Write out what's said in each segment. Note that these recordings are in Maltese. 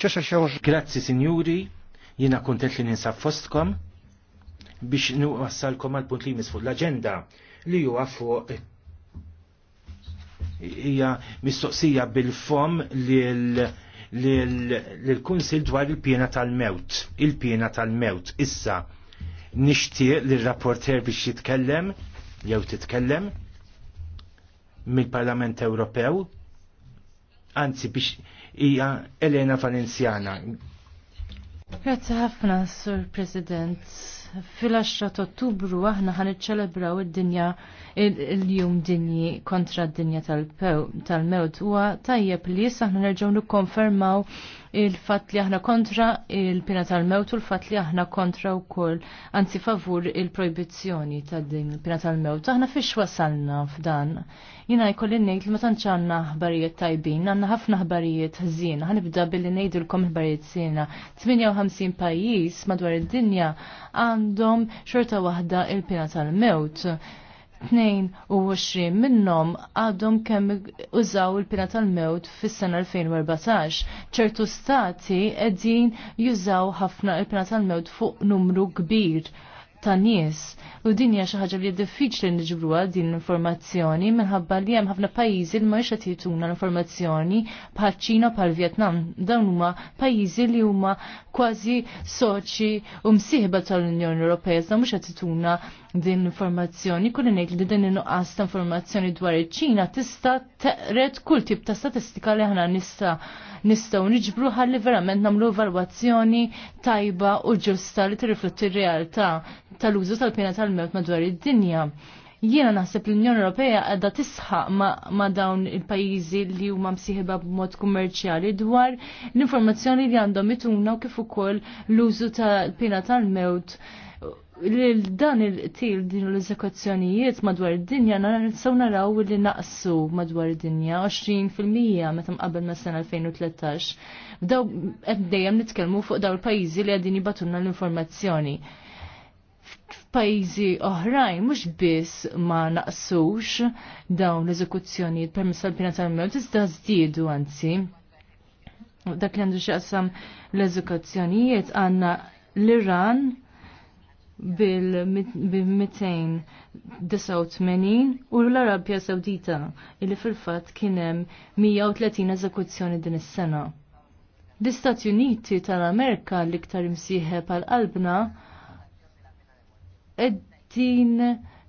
ċaxa xawx. Grazzi sinjuri, jina kontent li ninsab fostkom biex nuqassalkom għal punt li jmiss fuq l-agenda li huwa fuq hija mistoqsija bil-fom lill-Kunsil dwar il-pjena tal-mewt, il-pjena tal-mewt. Issa nixtieq li rapporter biex jitkellem jew titkellem mill-Parlament Ewropew, anzi biex hija Elena Valenciana. Grazzi ħafna, Sur President. Fil-10 ta' Ottubru aħna ħan iċċelebraw id-dinja il-jum dinji kontra d-dinja tal-mewt. Huwa tajjeb li issa aħna nerġgħu nikkonfermaw il-fat li aħna kontra il-pina tal-mewt u l-fat li aħna kontra u kol anzi favur il-proibizjoni ta' din il-pina tal-mewt. Aħna fiex wasalna f'dan. Jina jkolli nejt li ma ċanna ħbarijiet tajbin, għanna ħafna ħbarijiet ħżin. Ħanibda billi l-kom ħbarijiet zina. 58 pajis madwar id-dinja għandhom xorta waħda il-pina tal-mewt. 22 minnhom għadhom kemm użaw il-pina tal-mewt fis-sena 2014. ċertu stati qegħdin jużaw ħafna il-pina tal-mewt fuq numru kbir ta' nies. U din hija xi ħaġa li diffiċli niġbruha din l-informazzjoni minħabba li hemm ħafna pajjiżi li mhux qed jituna l-informazzjoni bħal Ċina bħal Vjetnam. Dawn huma pajjiżi li huma kważi soċi u msieħba tal-Unjoni Ewropea iżda mhux qed jituna din l-informazzjoni. Kulli ngħid li din inuqqas ta' informazzjoni dwar iċ-Ċina tista' teqret kull tip ta' statistika li aħna nista' nistgħu niġbru ħalli verament nagħmlu evalwazzjoni tajba u ġusta li tirrifletti r-realtà tal-użu tal pina tal-mewt madwar id-dinja jiena naħseb l-Unjoni Ewropea għadha tisħaq ma, dawn il-pajjiżi li huma msieħba b'mod kummerċjali dwar l-informazzjoni li għandhom ituna u kif ukoll l-użu tal-pina tal-mewt lil dan il til din l-eżekuzzjonijiet madwar id-dinja nistgħu naraw li naqsu madwar id-dinja 20% meta qabel ma' sena 2013. Bdew qed dejjem nitkellmu fuq dawn il-pajjiżi li qegħdin jibatulna l-informazzjoni. F'pajjiżi oħrajn mhux biss ma naqsux dawn l-eżekuzzjonijiet permezz tal-pina tal-mewt iżda żdiedu anzi. Dak li għandu xaqsam l-eżekuzzjonijiet għandna l-Iran bil-289 u l-Arabja Sawdita illi fil-fat kienem 130 eżekuzzjoni din is-sena. L-Istati Uniti tal-Amerika l-iktar imsieħeb għal qalbna din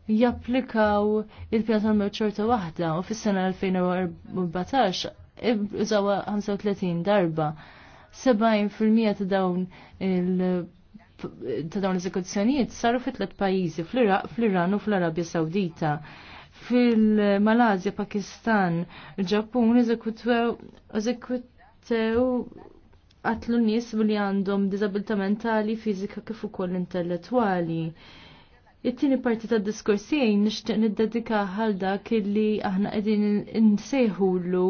japplikaw il pjata l mewċorta waħda u fis-sena 2014 iżawa 35 darba. 70% ta' dawn il- ta' dawn l-eżekuzzjonijiet saru fi tliet pajjiżi fl-Iran u fl-Arabja Sawdita. Fil-Malazja, Pakistan, il-Ġappun eżekwew għatlu nies li għandhom diżabilità mentali, fiżika kif ukoll intellettwali. It-tieni parti tad diskorsijaj nixtieq niddedika għal dak illi aħna qegħdin insejħulu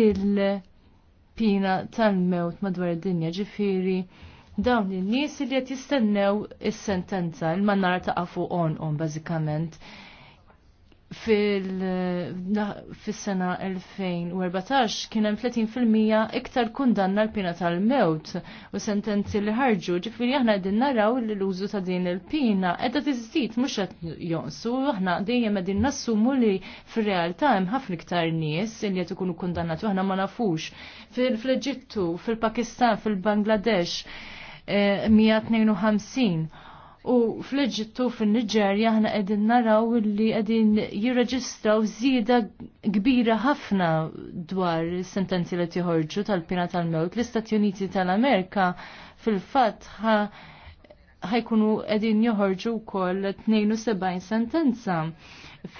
il-pina tal-mewt madwar id-dinja ġifieri dawn in-nies li qed jistennew is-sentenza il mannar ta' fuq onqhom bażikament fis sena 2014 kien hemm 30% iktar kundanna l-pina tal-mewt u sentenzi li ħarġu ġifieri aħna qegħdin naraw li l-użu ta' din il-pina qiegħda tiżdid mhux qed jonsu aħna dejjem qegħdin nassumu li fir-realtà hemm ħafna iktar nies li qed ikunu kundannati aħna ma nafux fil-Eġittu, fil-Pakistan, fil-Bangladesh 152. U fl-Eġittu fin-Niġerja aħna qegħdin naraw li qegħdin jirreġistraw zida kbira ħafna dwar sentenzi li tiħorġu tal-pina tal-mewt. L-Istati Uniti tal-Amerika fil-fatt ħajkunu qegħdin joħorġu wkoll 72 sentenza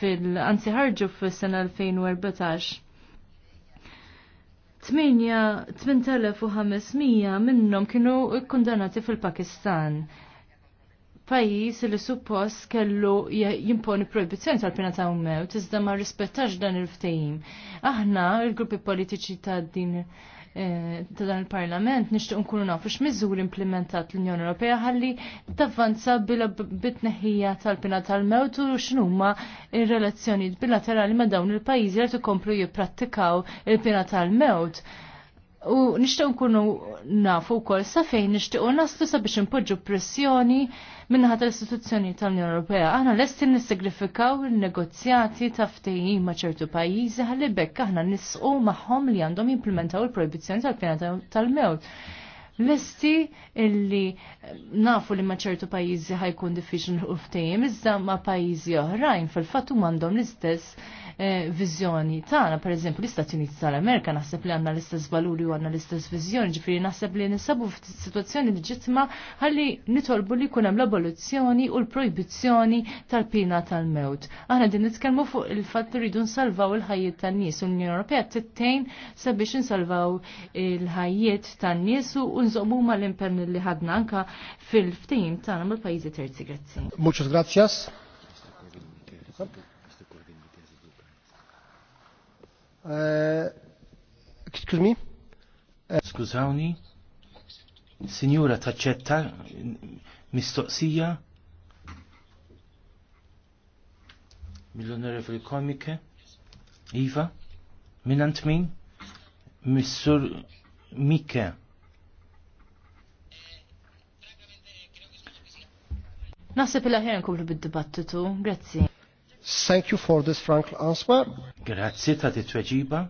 fil-anzi ħarġu fis-sena 2014. 8500 minnhom kienu kondannati fil-Pakistan. Pajjiż li suppost kellu jimponi proibizzjoni tal-pina ta' mewt iżda ma rispettax dan il-ftehim. Aħna, il-gruppi politiċi ta' din Eh, ta' dan il-Parlament nixtieq nkunu nafu x'miżur implementat l-Unjoni Ewropea ħalli tavvanza bit-tneħħija tal-pina tal-mewt u x'inhuma ir-relazzjonijiet bilaterali ma' dawn il-pajjiżi li jkomplu jipprattikaw il-pina tal-mewt. U nishtiq nkunu nafu wkoll sa fejn nixtiequ naslu sabiex impoġġu pressjoni minnaħa tal-istituzzjoni tal-Unjoni Ewropea. Aħna lesti nissegrifikaw il-negozjati ta' ftehi ma' ċertu pajjiżi ħalli bekk aħna nisqu magħhom li għandhom jimplementaw il proibizzjoni tal-pjena tal-mewt. Lesti illi nafu li ma' ċertu pajjiżi ħajkun diffiċli u ftehi iżda ma' pajjiżi oħrajn fil-fatt għandhom l-istess Eh, viżjoni tagħna, pereżempju l-Istati Uniti tal-Amerika naħseb li għandna l-istess valuri u għandna l-istess viżjoni, ġifieri naħseb li nisabu f'sitwazzjoni leġittima ħalli nitolbu li jkun hemm l abolizjoni u l-projbizzjoni tal-pina tal-mewt. Aħna din nitkellmu fuq il-fatt li rridu nsalvaw il-ħajjiet tan-nies u l-Unjoni Ewropea tittejn sabiex insalvaw il-ħajjiet tan-nies u nżommu l impenn li ħadna anka fil-ftehim tagħna mal-pajjiżi terzi. Grazzi. Muchas gracias. Eh, excuse me? Eh. Skużawni, Signora taċċetta mistoqsija mill-Onorevoli Komike, Iva, minant min, Missur Mike. Nasib il kumlu bid-dibattitu, grazzi. Thank you for this frank answer. Grazzi ta' titweġiba.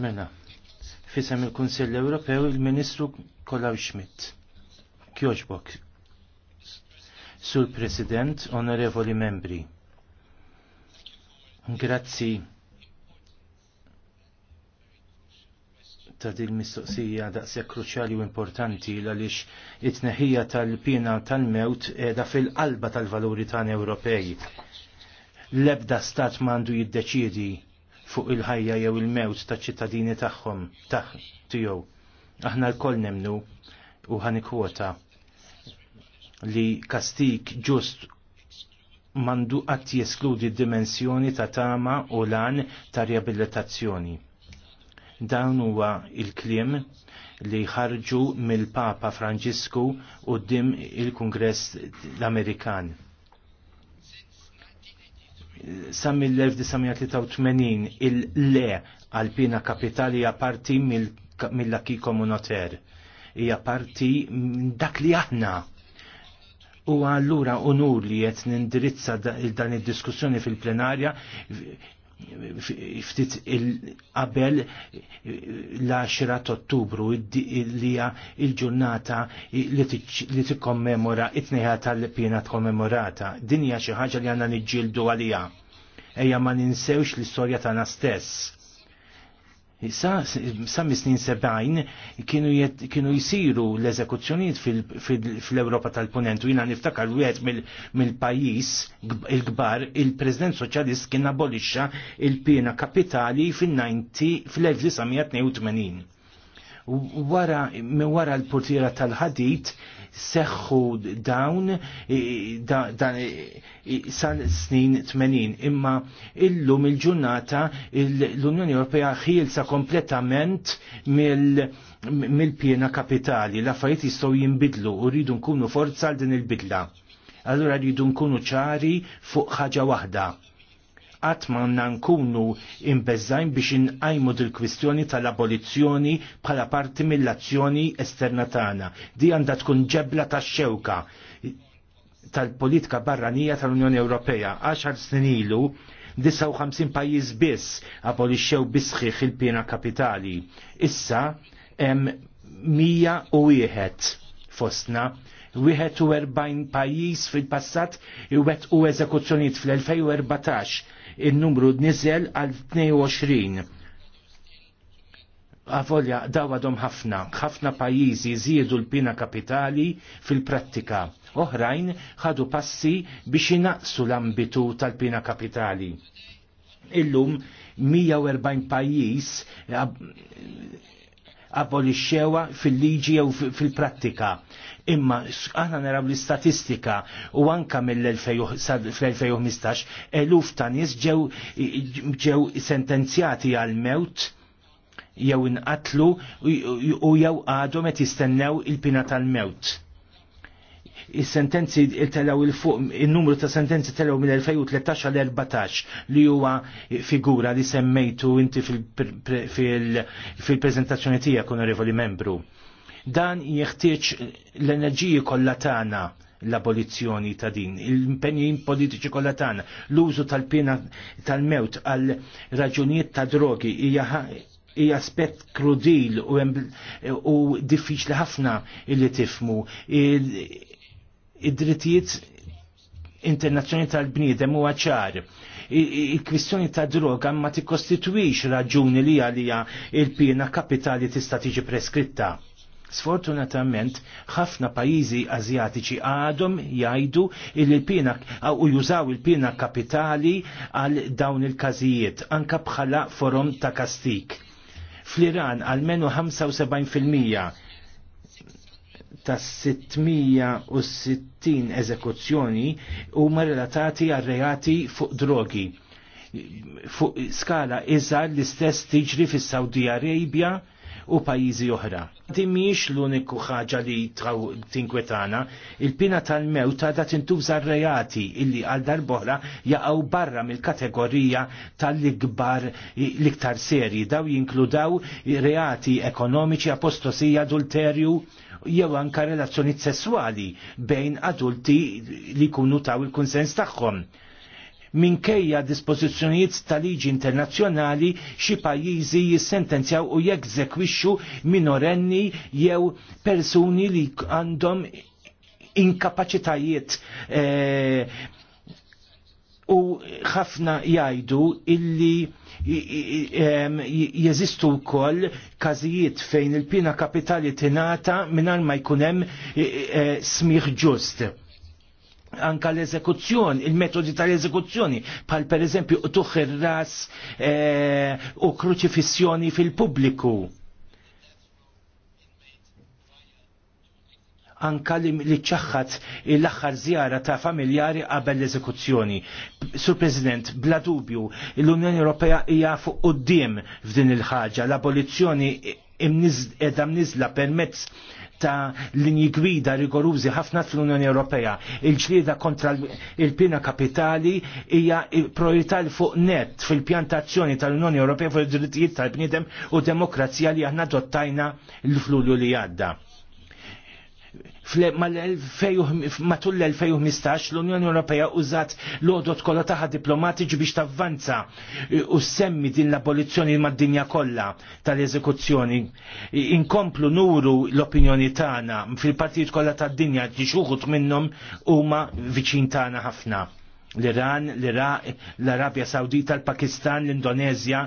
Mela, fisem il-Kunsell Ewropew il-Ministru Kolaw Schmidt. Kjoġbok. Sur President, onorevoli membri. Grazzi ta' din mistoqsija daqsja kruċjali u importanti għaliex it-tneħija tal-pina tal-mewt da fil-qalba tal-valuri tan Ewropej. L-ebda stat mandu jiddeċidi fuq il-ħajja jew il-mewt ta' ċittadini tagħhom taħ tiegħu. Aħna l-koll nemnu u ħanikwota li kastik ġust mandu qatt jeskludi d-dimensjoni ta' tama u lan ta' riabilitazzjoni Dan huwa il-kliem li ħarġu mill-Papa Franġisku dim il-Kungress l-Amerikan. Sa mill-1983 il-le għal-pina kapitali hija parti mill laki komunoter. Hija parti dak li aħna U għallura unur li jett nindirizza dan id-diskussjoni fil-plenarja ftit qabel l-10 ta' ottubru li hija il-ġurnata li tikkommemora it-tnejħa tal-pjena tkommemorata. Din hija xi ħaġa li għandna niġġieldu għaliha. Ejja ma ninsewx l-istorja tagħna stess sa, sa snin 70 kienu, kienu jisiru l-eżekuzzjoniet fil-Europa fil, tal-Ponentu jina niftakar u għed mill-pajis il-gbar il-President Soċjalist kien abolixxa il-pena kapitali fil-1982. Wara, wara l portiera tal-ħadit seħħu dawn dan sal snin 80 imma illum il-ġurnata l-Unjoni Ewropea ħielsa kompletament mill-pjena kapitali l-affarijiet jistgħu jinbidlu u rridu nkunu forza għal din il-bidla. Allura rridu nkunu ċari fuq ħaġa waħda għatma nkunu imbeżajn biex inqajmu dil-kwistjoni tal-abolizzjoni bħala parti mill-azzjoni esterna tagħna. Di għandha tkun ġebla tax-xewka tal-politika barranija tal-Unjoni Ewropea. 10 snin ilu 59 pajjiż biss abolixxew bisħiħ il-pjena kapitali. Issa hemm 101 fostna 41 pajjiż fil-passat iwet u eżekuzzjonijiet fl-2014 il-numru nizel għal 22. Għafolja, daw għadhom ħafna, ħafna pajjiżi żiedu l-pina kapitali fil-prattika. Oħrajn ħadu passi biex inaqsu l-ambitu tal-pina kapitali. Illum 140 pajjiż abolixxewa fil-liġi jew fil-prattika. Imma aħna naraw l-istatistika u anka mill-2015 eluf ta' nies ġew sentenzjati għal mewt jew inqatlu u jew għadhom qed jistennew il-pina tal-mewt is-sentenzi il telaw il-fuq il-numru ta' sentenzi telaw mill-2013 għal 14 li huwa figura li semmejtu inti fil-prezentazzjoni fil, tiegħek onorevoli membru. Dan jeħtieġ l-enerġiji kollha tagħna l-abolizzjoni ta' din, l-impenji politiċi kollha tagħna, l-użu tal-pena tal-mewt għal raġunijiet ta' drogi hija i aspet krudil u, u diffiċli ħafna illi tifmu id-drittijiet internazzjoni tal-bniedem huwa ċar. Il-kwistjoni ta' droga ma tikkostitwix raġuni li għalija il-pina kapitali tista' tiġi preskritta. Sfortunatament, ħafna pajizi azjatiċi għadhom jgħidu il-pina u jużaw il-pina kapitali għal dawn il-każijiet, anka bħala forum ta' kastik. Fl-Iran, almenu 75% ta' 660 eżekuzzjoni huma relatati għal reati fuq drogi. Fuq skala iżgħar l-istess tiġri fis-Saudi Arabja u pajjiżi oħra. Din mhijiex l-uniku ħaġa li traw tinkwetana, il-pina tal-mewt għadha tintuża reati illi għal darbohra jaqgħu barra mill-kategorija tal-ikbar l-iktar serji daw jinkludaw reati ekonomiċi apostosija adulterju jew anka relazzjonijiet sesswali bejn adulti li jkunu taw il-kunsens tagħhom minkejja dispożizzjonijiet ta' liġi internazzjonali xi pajjiżi jissentenzjaw u jegżekwixxu minorenni jew persuni li għandhom inkapaċitajiet e, u ħafna jajdu illi jeżistu wkoll każijiet fejn il-pina kapitali tingħata mingħajr ma jkun hemm e, e, smigħ ġust anka l-eżekuzzjoni, il-metodi tal-eżekuzzjoni, pal per eżempju tuħir ras eh, u kruċifissjoni fil-pubbliku. Anka li, ċaħħat l-axħar zjara ta' familjari qabel l-eżekuzzjoni. Sur President, bla dubju, l-Unjoni Ewropea hija fuq qudiem f'din il-ħaġa, l-abolizzjoni edha mnizla permezz ta' linji gwida rigorużi ħafna fl-Unjoni Ewropea. Il-ġlieda kontra il-pina kapitali hija priorità fuq net fil-pjantazzjoni tal-Unjoni Ewropea fuq id-drittijiet tal-bniedem u demokrazija li aħna dottajna l-flulju li għadda matul l-2015 l-Unjoni Ewropea użat l-odot kollha taħħa diplomatiċi biex tavvanza e, u semmi din l-abolizzjoni mad-dinja kollha tal-eżekuzzjoni. Inkomplu nuru l-opinjoni tagħna fil-partijiet kollha tad-dinja li xuħut minnhom huma viċin tagħna ħafna. L-Iran, l-Iraq, l-Arabja Sawdita, l-Pakistan, l-Indonezja,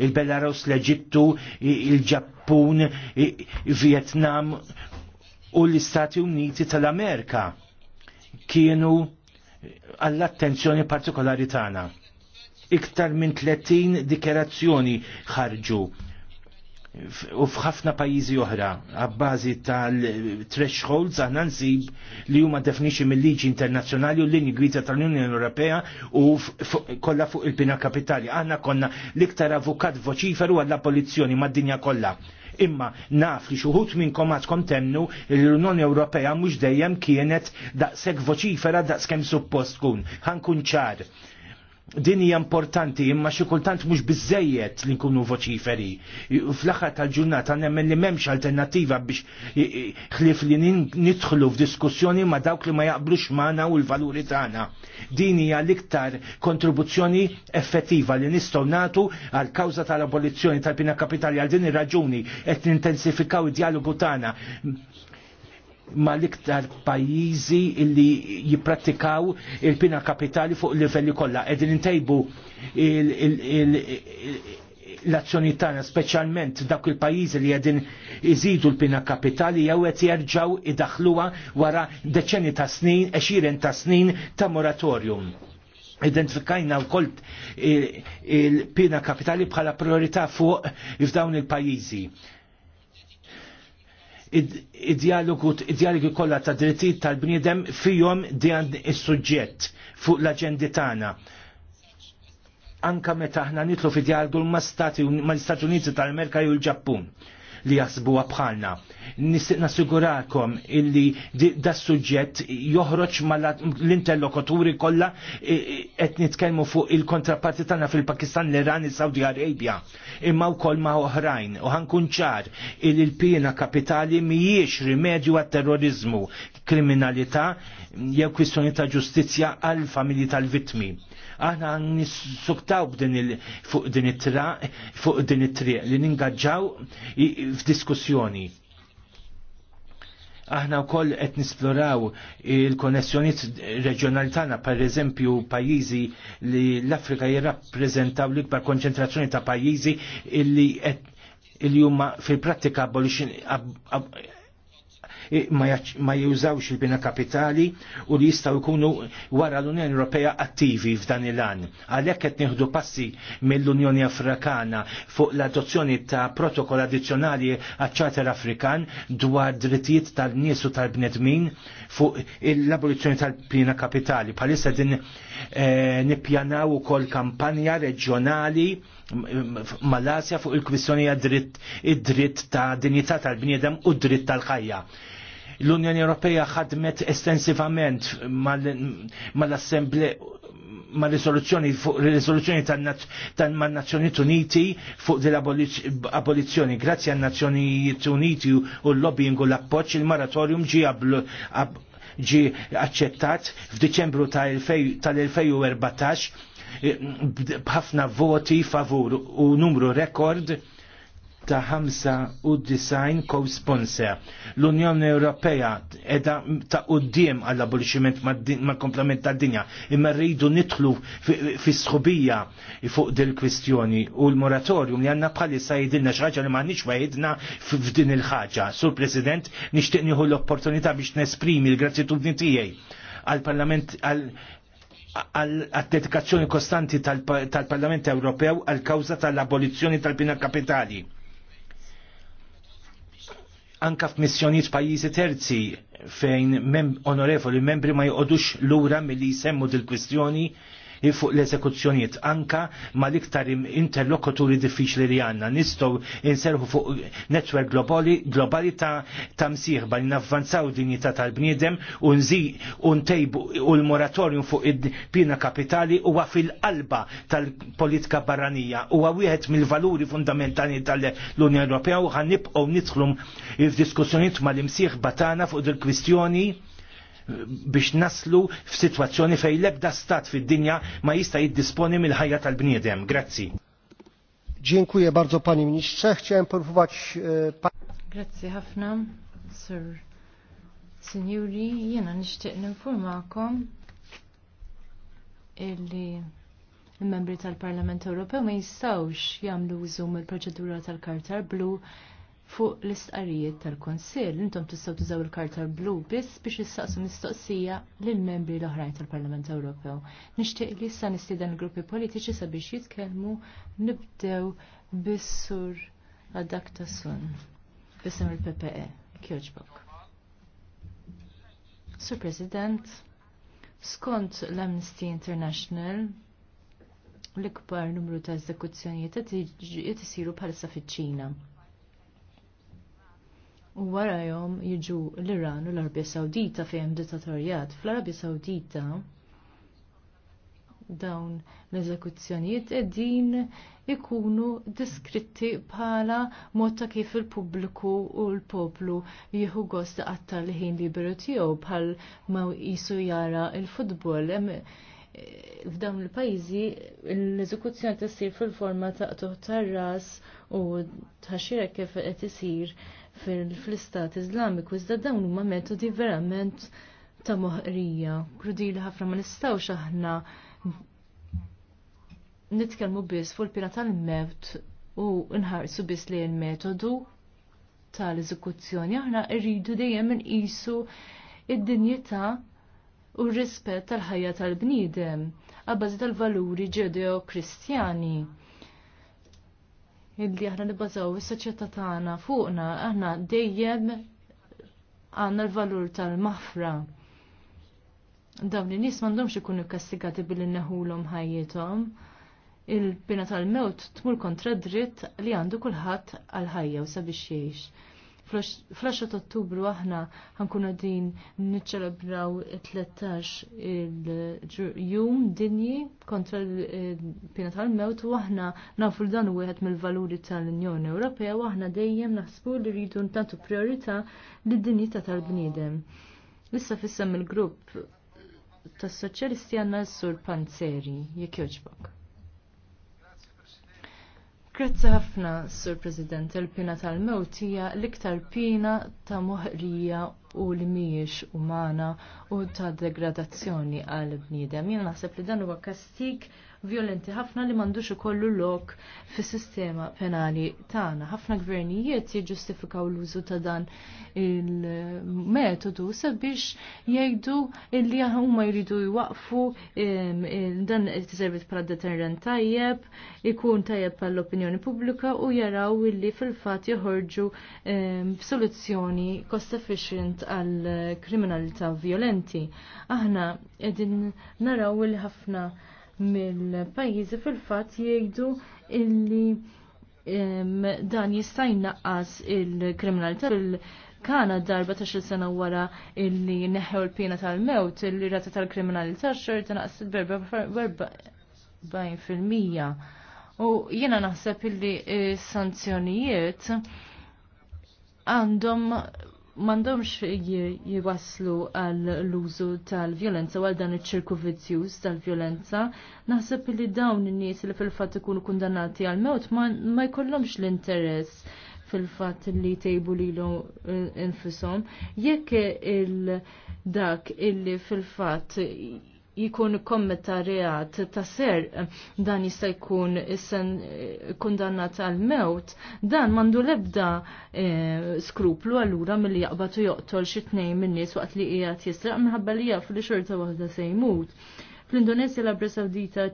il-Belarus, l-Eġittu, il-Ġappun, il-Vietnam u l-Istati Uniti tal-Amerika kienu għall-attenzjoni partikolari tagħna. Iktar minn 30 dikerazzjoni ħarġu u f'ħafna pajjiżi oħra għabbażi tal-thresholds aħna nsib li huma definixi mill-liġi internazzjonali u l-linji gwida tal-Unjoni Ewropea u kollha fuq il-bina kapitali. Aħna konna l-iktar avukat voċiferu għall-abolizzjoni mad-dinja kollha. Imma naf li xuħut minnkom għadkom temnu l-Unjoni Ewropea mhux dejjem kienet daqshekk voċifera daqskemm suppost tkun. Ħankun ċar din hija importanti imma xi kultant mhux biżejjed li nkunu voċiferi. Fl-aħħar tal-ġurnata nemmen li m'hemmx alternattiva biex ħlif li nidħlu f'diskussjoni ma' dawk li ma jaqblux magħna u l-valuri tagħna. Din hija l-iktar kontribuzzjoni effettiva li nistgħu nagħtu għal kawża tal-abolizzjoni tal-pina kapitali għal din ir-raġuni qed nintensifikaw id-dialogu tagħna ma l-iktar pajjiżi illi jippratikaw il-pina kapitali fuq livelli kollha. Qegħdin intejbu l-azzjoni tagħna speċjalment dak il-pajjiżi li qegħdin iżidu l-pina kapitali jew qed jerġgħu idaħluha wara deċenni ta' snin, għexieren ta' snin ta' moratorium identifikajna u kolt il-pina kapitali bħala priorità fuq f'dawn il-pajizi id-dialogu kollha ta' drittijiet tal-bniedem fihom dan is-suġġett fuq l-aġendi tagħna. Anka meta aħna nitlu fi dialogu ma' Stati istati Uniti tal-Amerika jew il-Ġappun li jasbu bħalna. Nistiq nassigurakom illi da suġġett joħroġ l interlokuturi kollha e- e- qed nitkellmu fuq il-kontraparti tagħna fil-Pakistan, l-Iran, il saudi Arabja, imma wkoll ma' oħrajn u ħankun ċar il il-pina kapitali mhijiex rimedju għat-terrorizmu, kriminalità jew kwistjoni ta' ġustizzja għal familji tal-vittmi aħna nissuktaw fuq din it-tra fuq din it-triq li ningaġġaw f'diskussjoni. Aħna wkoll qed nisploraw il-konnessjonijiet reġjonali tagħna pereżempju pajjiżi li l-Afrika jirrappreżentaw l-ikbar konċentrazzjoni ta' pajjiżi illi qed il-jumma fil-prattika ma jużawx il-bina kapitali u li jistaw jkunu wara l-Unjoni Ewropea attivi f'dan il-an. Għalhekk qed nieħdu passi mill-Unjoni Afrikana fuq l-adozzjoni ta' protokoll addizzjonali għaċ-Ċarter Afrikan dwar drittijiet tal-nies u tal-bnedmin fuq l-abolizzjoni tal-bina kapitali. Palissa din eh, nippjanaw ukoll kampanja reġjonali mal-Asja fuq il-kwissjoni id-dritt ta' dinjità tal-bniedem u d-dritt tal-ħajja. L-Unjoni Ewropea ħadmet estensivament mal-Assemble ma risoluzzjoni fuq risoluzzjoni tan-Nazzjonijiet Uniti fuq l-abolizzjoni. Grazzi għan Nazzjonijiet Uniti u l-lobbying u l-appoġġ il-moratorium ġi ġi accettat f'Diċembru tal-2014 eh, bħafna voti favur u numru rekord ta' 95 co-sponsor. L-Unjoni Ewropea edha ta' uddim għall aboliximent ma' komplement tad dinja imma rridu nitlu fi sħubija fuq dil kwistjoni u l-moratorium li għanna bħalissa sa' xi xaġa li ma' nix f'din il-ħagġa. Sur President, nishtiqniħu l-opportunità biex nesprimi l-gratitudni tijaj għal-parlament għal-dedikazzjoni kostanti tal-Parlament Ewropew għal-kawza tal-abolizzjoni tal-pina kapitali anka f'missjonijiet pajjiżi terzi fejn mem onorevoli membri ma joqodux lura milli jsemmu dil-kwistjoni fuq l-eżekuzzjonijiet anka mal-iktar interlokuturi diffiċli li għanna. Nistgħu inserħu fuq netwerk globali, globali ta' tamsieħba li navvanzaw dinjità tal-bniedem u nżi u ntejbu u l-moratorium fuq id-pina kapitali huwa fil-qalba tal-politika barranija huwa wieħed mill-valuri fundamentali tal-Unjoni Ewropea u il-diskussjoniet f'diskussjonijiet mal imsiħ batana fuq il-kwistjoni biex naslu f'sitwazzjoni fej lebda stat fid-dinja ma jista' jiddisponi mill-ħajja tal-bniedem. Grazzi. Dziękuję bardzo panie ministrze. Chciałem porównać e, pan... Grazzi ħafna, sir. Signori, jena nishtiq ninformakom illi il-membri tal-Parlament Ewropew ma jistawx jagħmlu użu mill-proċedura tal-kartar blu fuq l-istqarijiet tal-Konsil. Intom tistgħu tużaw il-karta blu biss biex issaqsu mistoqsija lill-membri l-oħrajn tal-Parlament Ewropew. Nixtieq li issa nistieden gruppi politiċi sabiex jitkellmu nibdew bis-sur għadak tasun. Bisem il-PPE, Kjoġbok. Sur President, skont l-Amnesty International, l-ikbar numru ta' eżekuzzjonijiet qed isiru bħalissa fiċ-Ċina u jom jiġu l-Iran u l-Arabja Sawdita fejn dittatorjat. Fl-Arabja Sawdita dawn l-eżekuzzjonijiet qegħdin ikunu diskritti bħala mod ta' kif il-pubbliku u l-poplu jieħu gost għatta l-ħin liberu tiegħu bħal ma jisu jara il-futbol. Eh, f'dawn il-pajjiżi l-eżekuzzjoni tisir fil-forma ta' toħ ras u ta' xira kif qed isir fil-istat Iżlamiku iżda dawn huma metodi verament ta' moħqrija. Krudili ħafna ma nistgħux aħna nitkellmu biss fuq il-pina tal-mewt u nħarsu biss li l-metodu tal-eżekuzzjoni. Aħna rridu dejjem inqisu id-dinjità u r-rispett tal-ħajja tal-bniedem għabbażi tal-valuri ġedeo-kristjani illi aħna nibbażaw is-soċjetà tagħna fuqna aħna dejjem għandna l-valur tal-mafra. Dawn in-nies m'għandhomx ikunu kkastigati billi neħulhom ħajjithom. Il-bina tal-mewt tmur kontra dritt li għandu kulħadd għal ħajja u sabiex jgħix. Fl-10 ta' Ottubru aħna ħankun din niċċelebraw 13 il-jum dinji kontra l-pina tal-mewt u aħna nafu l-dan u wieħed mill-valuri tal-Unjoni Ewropea u aħna dejjem naħsbu li rridu ntantu priorità lid ta' tal-bniedem. Issa fissem il-grupp tas soċjalisti għanna s-sur Panzeri, jek joġbok. Grazzi ħafna, Sur President, il-pina tal-mewt hija l-iktar pina ta' moħrija u li mhijiex umana u ta' degradazzjoni għal bniedem. Jien naħseb li dan huwa kastik violenti ħafna li m'għandux ikollu lok fis-sistema penali tagħna. Ħafna gvernijiet jiġġustifikaw l-użu ta' dan il-metodu sabiex jgħidu li huma jridu jwaqfu dan it-tiservit bħala deterrent tajjeb, ikun tajjeb għall opinjoni pubblika u jaraw li fil-fatt joħorġu soluzzjoni cost efficient għal kriminalità violenti. Aħna qegħdin naraw il-ħafna mill-pajjiżi fil-fatt jgħidu illi dan jista' jnaqqas il-kriminalità fil-Kanada darba ta' xil sena wara illi neħew l-pina tal-mewt illi rata tal-kriminalità xorta il berba fil-mija. U jiena naħseb illi s eh, sanzjonijiet għandhom mandomx jiwaslu għal l-użu tal-violenza u għal dan iċ-ċirku vizzjuż tal-violenza, naħseb li dawn in-nies li fil-fatt ikunu kundannati għal mewt ma jkollhomx l-interess fil-fatt li tejbu li l eh, infisom, jekk il-dak illi fil-fatt jikun kommetta reat ta' ser eh, dan jista' jkun issen eh, kundannat għal mewt dan mandu lebda eh, skruplu allura milli jaqbatu joqtol xi tnejn min-nies waqt li qiegħed jisraq minħabba li jaf li xorta waħda se jmut. Fl-Indonezja l-Abra Sawdita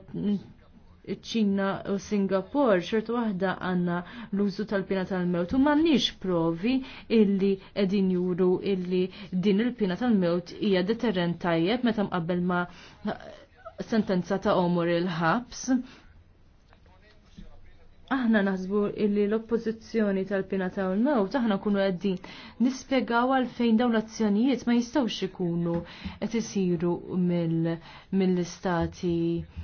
ċina u Singapore ċertu waħda għanna l-użu tal-pina tal-mewt u mannix provi illi edin juru illi din il-pina tal-mewt hija deterrent tajjeb meta mqabbel ma sentenza ta' omur il-ħabs. Aħna naħsbu illi l-oppozizjoni tal-pina tal-mewt aħna kunu għeddin nispiegaw għalfejn dawn l-azzjonijiet ma jistawx ikunu qed isiru mill-istati mil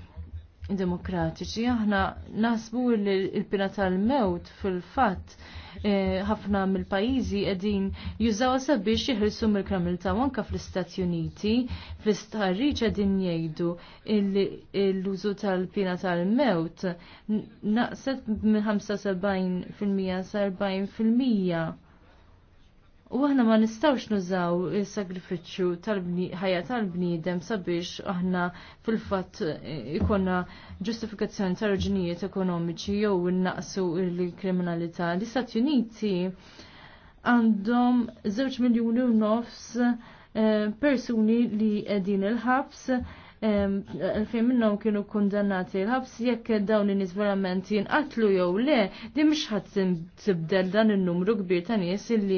demokratiċi. Aħna nasbu li l-pina tal-mewt fil-fatt eh, ħafna eh, mill-pajizi edin jużaw sabiex jħilsu mill ta' wanka fl-Istati Uniti, fl-istħarriċ edin jgħidu l-użu tal-pina tal-mewt naqset minn 75% sa 40%. U aħna ma nistawx nużaw il-sagrifiċċju tal-ħajja tal-bniedem sabiex aħna fil-fatt eh, ikonna ġustifikazzjoni ta' raġunijiet ekonomiċi jew innaqsu il-kriminalità. L-Istati Uniti għandhom 2 miljuni u nofs eh, persuni li qegħdin il-ħabs fejn minnhom kienu kundannati l-ħabs jekk dawn in-nies verament jinqatlu jew le, di mhux ħadd tibdel dan in-numru kbir ta' nies illi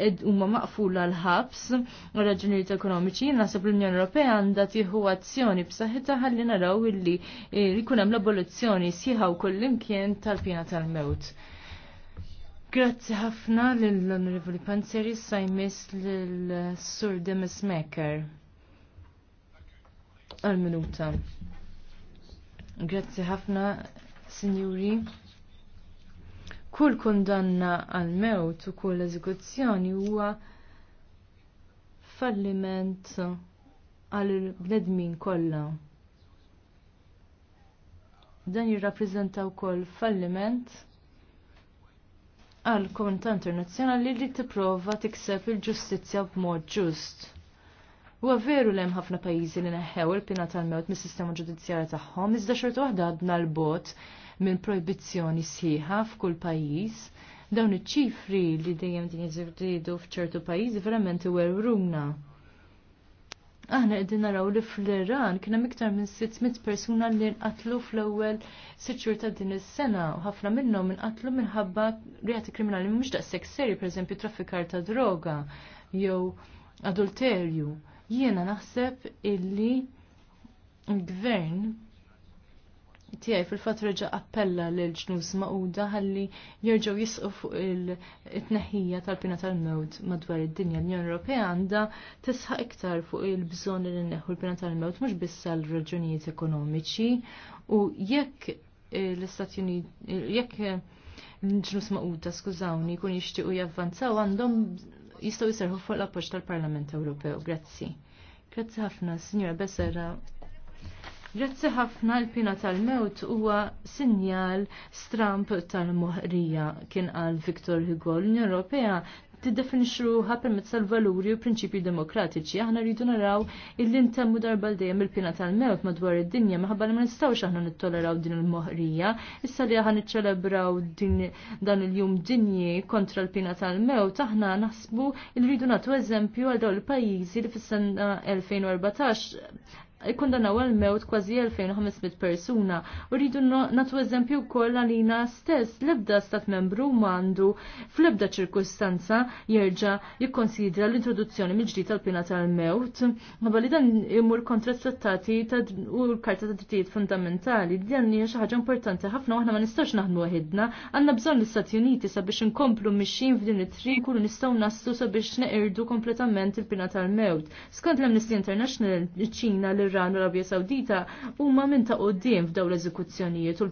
eh, huma maqfula l-ħabs u raġunijiet ekonomiċi, naħseb l-Unjoni Ewropea għandha tieħu azzjoni b'saħħitha ħalli naraw illi eh, jkun hemm l-abolizzjoni sieħaw kullimkien tal-pjena tal-mewt. Grazzi ħafna lill onorevoli Panzeri sajmis lill sur Demis Maker għal-minuta. Grazzi ħafna, Sinjuri. Kull kundanna għal-mewt u kull eżekuzzjoni huwa falliment għal-bnedmin kollha. Dan jirrappreżenta wkoll falliment għal komunità internazzjonali li tipprova tikseb il-ġustizzja b'mod ġust. Huwa veru li hemm ħafna pajjiżi li neħħew il-pina tal-mewt mis-sistema ġudizzjarja tagħhom, iżda xorta waħda għadna l-bot minn proibizzjoni sħiħa f'kull pajjiż. Dawn iċ-ċifri li dejjem din jiżirdu f'ċertu pajjiżi verament iwerruna. Aħna qegħdin naraw li fl-Iran kien hemm iktar minn 600 persuna li nqatlu fl-ewwel sitt xhur ta' din is-sena u ħafna minnhom inqatlu minħabba reati kriminali mhux daqshekk seri, pereżempju traffikar ta' droga jew adulterju. Jiena naħseb illi il-gvern tiegħi fil-fatt reġa' appella lil ġnus maquda ħalli jerġgħu jisqu fuq it-tneħħija tal-pina tal-mewt madwar id-dinja. L-Unjoni Ewropea għandha tisħaq iktar fuq il-bżonn li nneħħu l-pina tal-mewt mhux biss għal raġunijiet ekonomiċi u jekk l-Istati Uniti jekk l-ġnus maquda skużawni jkun jixtiequ javvanzaw għandhom jistgħu jisarħu fuq l-appoġġ tal-Parlament Ewropew. Grazzi. Grazzi ħafna, Signora Besera. Grazzi ħafna l-pina tal-mewt huwa sinjal stramp tal-moħrija kien għal Viktor Hugo. L-Unjoni Ewropea tiddefinixxu ruħha permezz tal-valuri u prinċipji demokratiċi. Aħna rridu naraw illi ntemmu darba dejjem il-pina tal-mewt madwar id-dinja minħabba li ma nistgħux aħna nittoleraw din il-moħrija. Issa li aħna niċċelebraw dan il-jum dinji kontra l-pina tal-mewt aħna naħsbu li rridu nagħtu eżempju għal dawn il-pajjiżi li fis-sena 2014 ikkondannaw għal-mewt kważi 2500 persuna u rridu natu eżempju wkoll għalina stess l-ebda stat membru mandu fl-ebda ċirkustanza jerġa' jikkonsidra l-introduzzjoni mill-ġdid tal-pina tal-mewt. Ma li dan imur kontra trattati u l-karta ta' drittijiet fundamentali, dan hija xi ħaġa importanti ħafna aħna ma nistax naħdmu waħedna, għandna bżonn l-Istati Uniti sabiex inkomplu mixin f'din it-triq u nistgħu nassu sabiex neqirdu kompletament il-pina tal-mewt. Skont l-Amnesty International, ċina l l-Iran u l-Arabja Sawdita huma minn ta' qudiem f'daw l-eżekuzzjonijiet u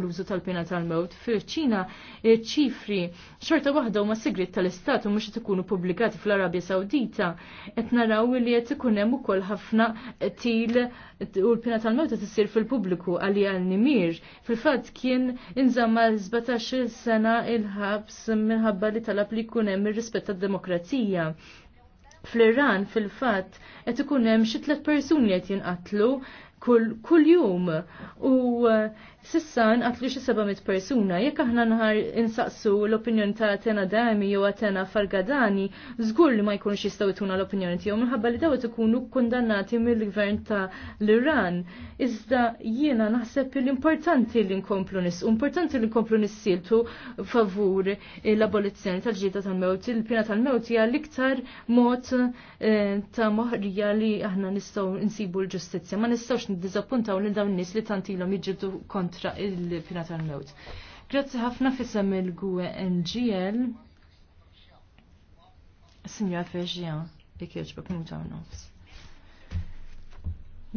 l-użu tal-pena tal-mewt. fil ċina ċifri xorta waħda huma sigrit tal-Istat u mhux qed ikunu pubblikati fl-Arabja Sawdita qed naraw li qed ikun hemm ukoll ħafna til u l-pena tal-mewt qed issir fil-pubbliku għalli għal-nimir. Fil-fatt kien inżamma 17 sena il-ħabs minħabba li talab li jkun hemm ir-rispett tad-demokrazija. Fl-Iran fil-fatt qed ikun hemm xi tliet persuni qed jinqatlu kull jum u Sissan għatlu xi 700 persuna, jekk aħna nħar insaqsu l-opinjoni ta' Atena Dami jew Atena Fargadani, żgur li ma jkunx jistgħu jtuna l-opinjoni tiegħu minħabba li dawet ikunu kundannati mill-gvern ta' l-Iran. Iżda jiena naħseb l-importanti li nkomplu nis, importanti li nkomplu nissiltu favur l-abolizzjoni tal-ġieda tal-mewt, il-pina tal-mewt hija l-iktar mod eh, ta' moħrija li aħna nistgħu nsibu l-ġustizzja. Ma nistgħux niddiżappuntaw lil dawn nis li tantilhom jiġġieldu kont kontra il-pina tal-mewt. Grazzi ħafna fissam il-gwe NGL. Signora Ferġian, ikieġba kunu u nofs.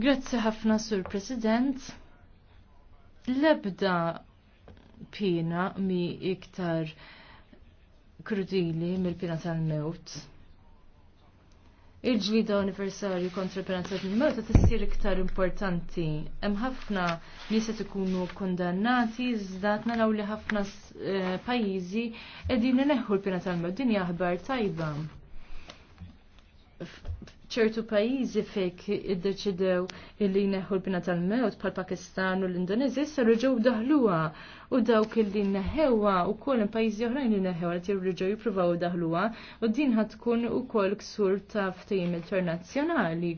Grazzi ħafna sur President. Lebda pina mi iktar krudili mill-pina tal-mewt il-ġlida anniversarju kontra penanza tal-mewt ta' issir iktar importanti. Hemm ħafna li se ikunu kondannati iżda naraw li ħafna eh, pajjiżi qegħdin ineħħu l-pena tal-mewt din hija aħbar tajba ċertu pajjiżi id iddeċidew illi neħu l-bina tal-mewt pal Pakistan u l-Indonezja jissaru ġew daħluha u dawk illi neħewa u koll pajjiżi oħrajn li neħewa li jirriġgħu jippruvaw daħluha u din ħatkun u ukoll ksur ta' ftehim internazzjonali.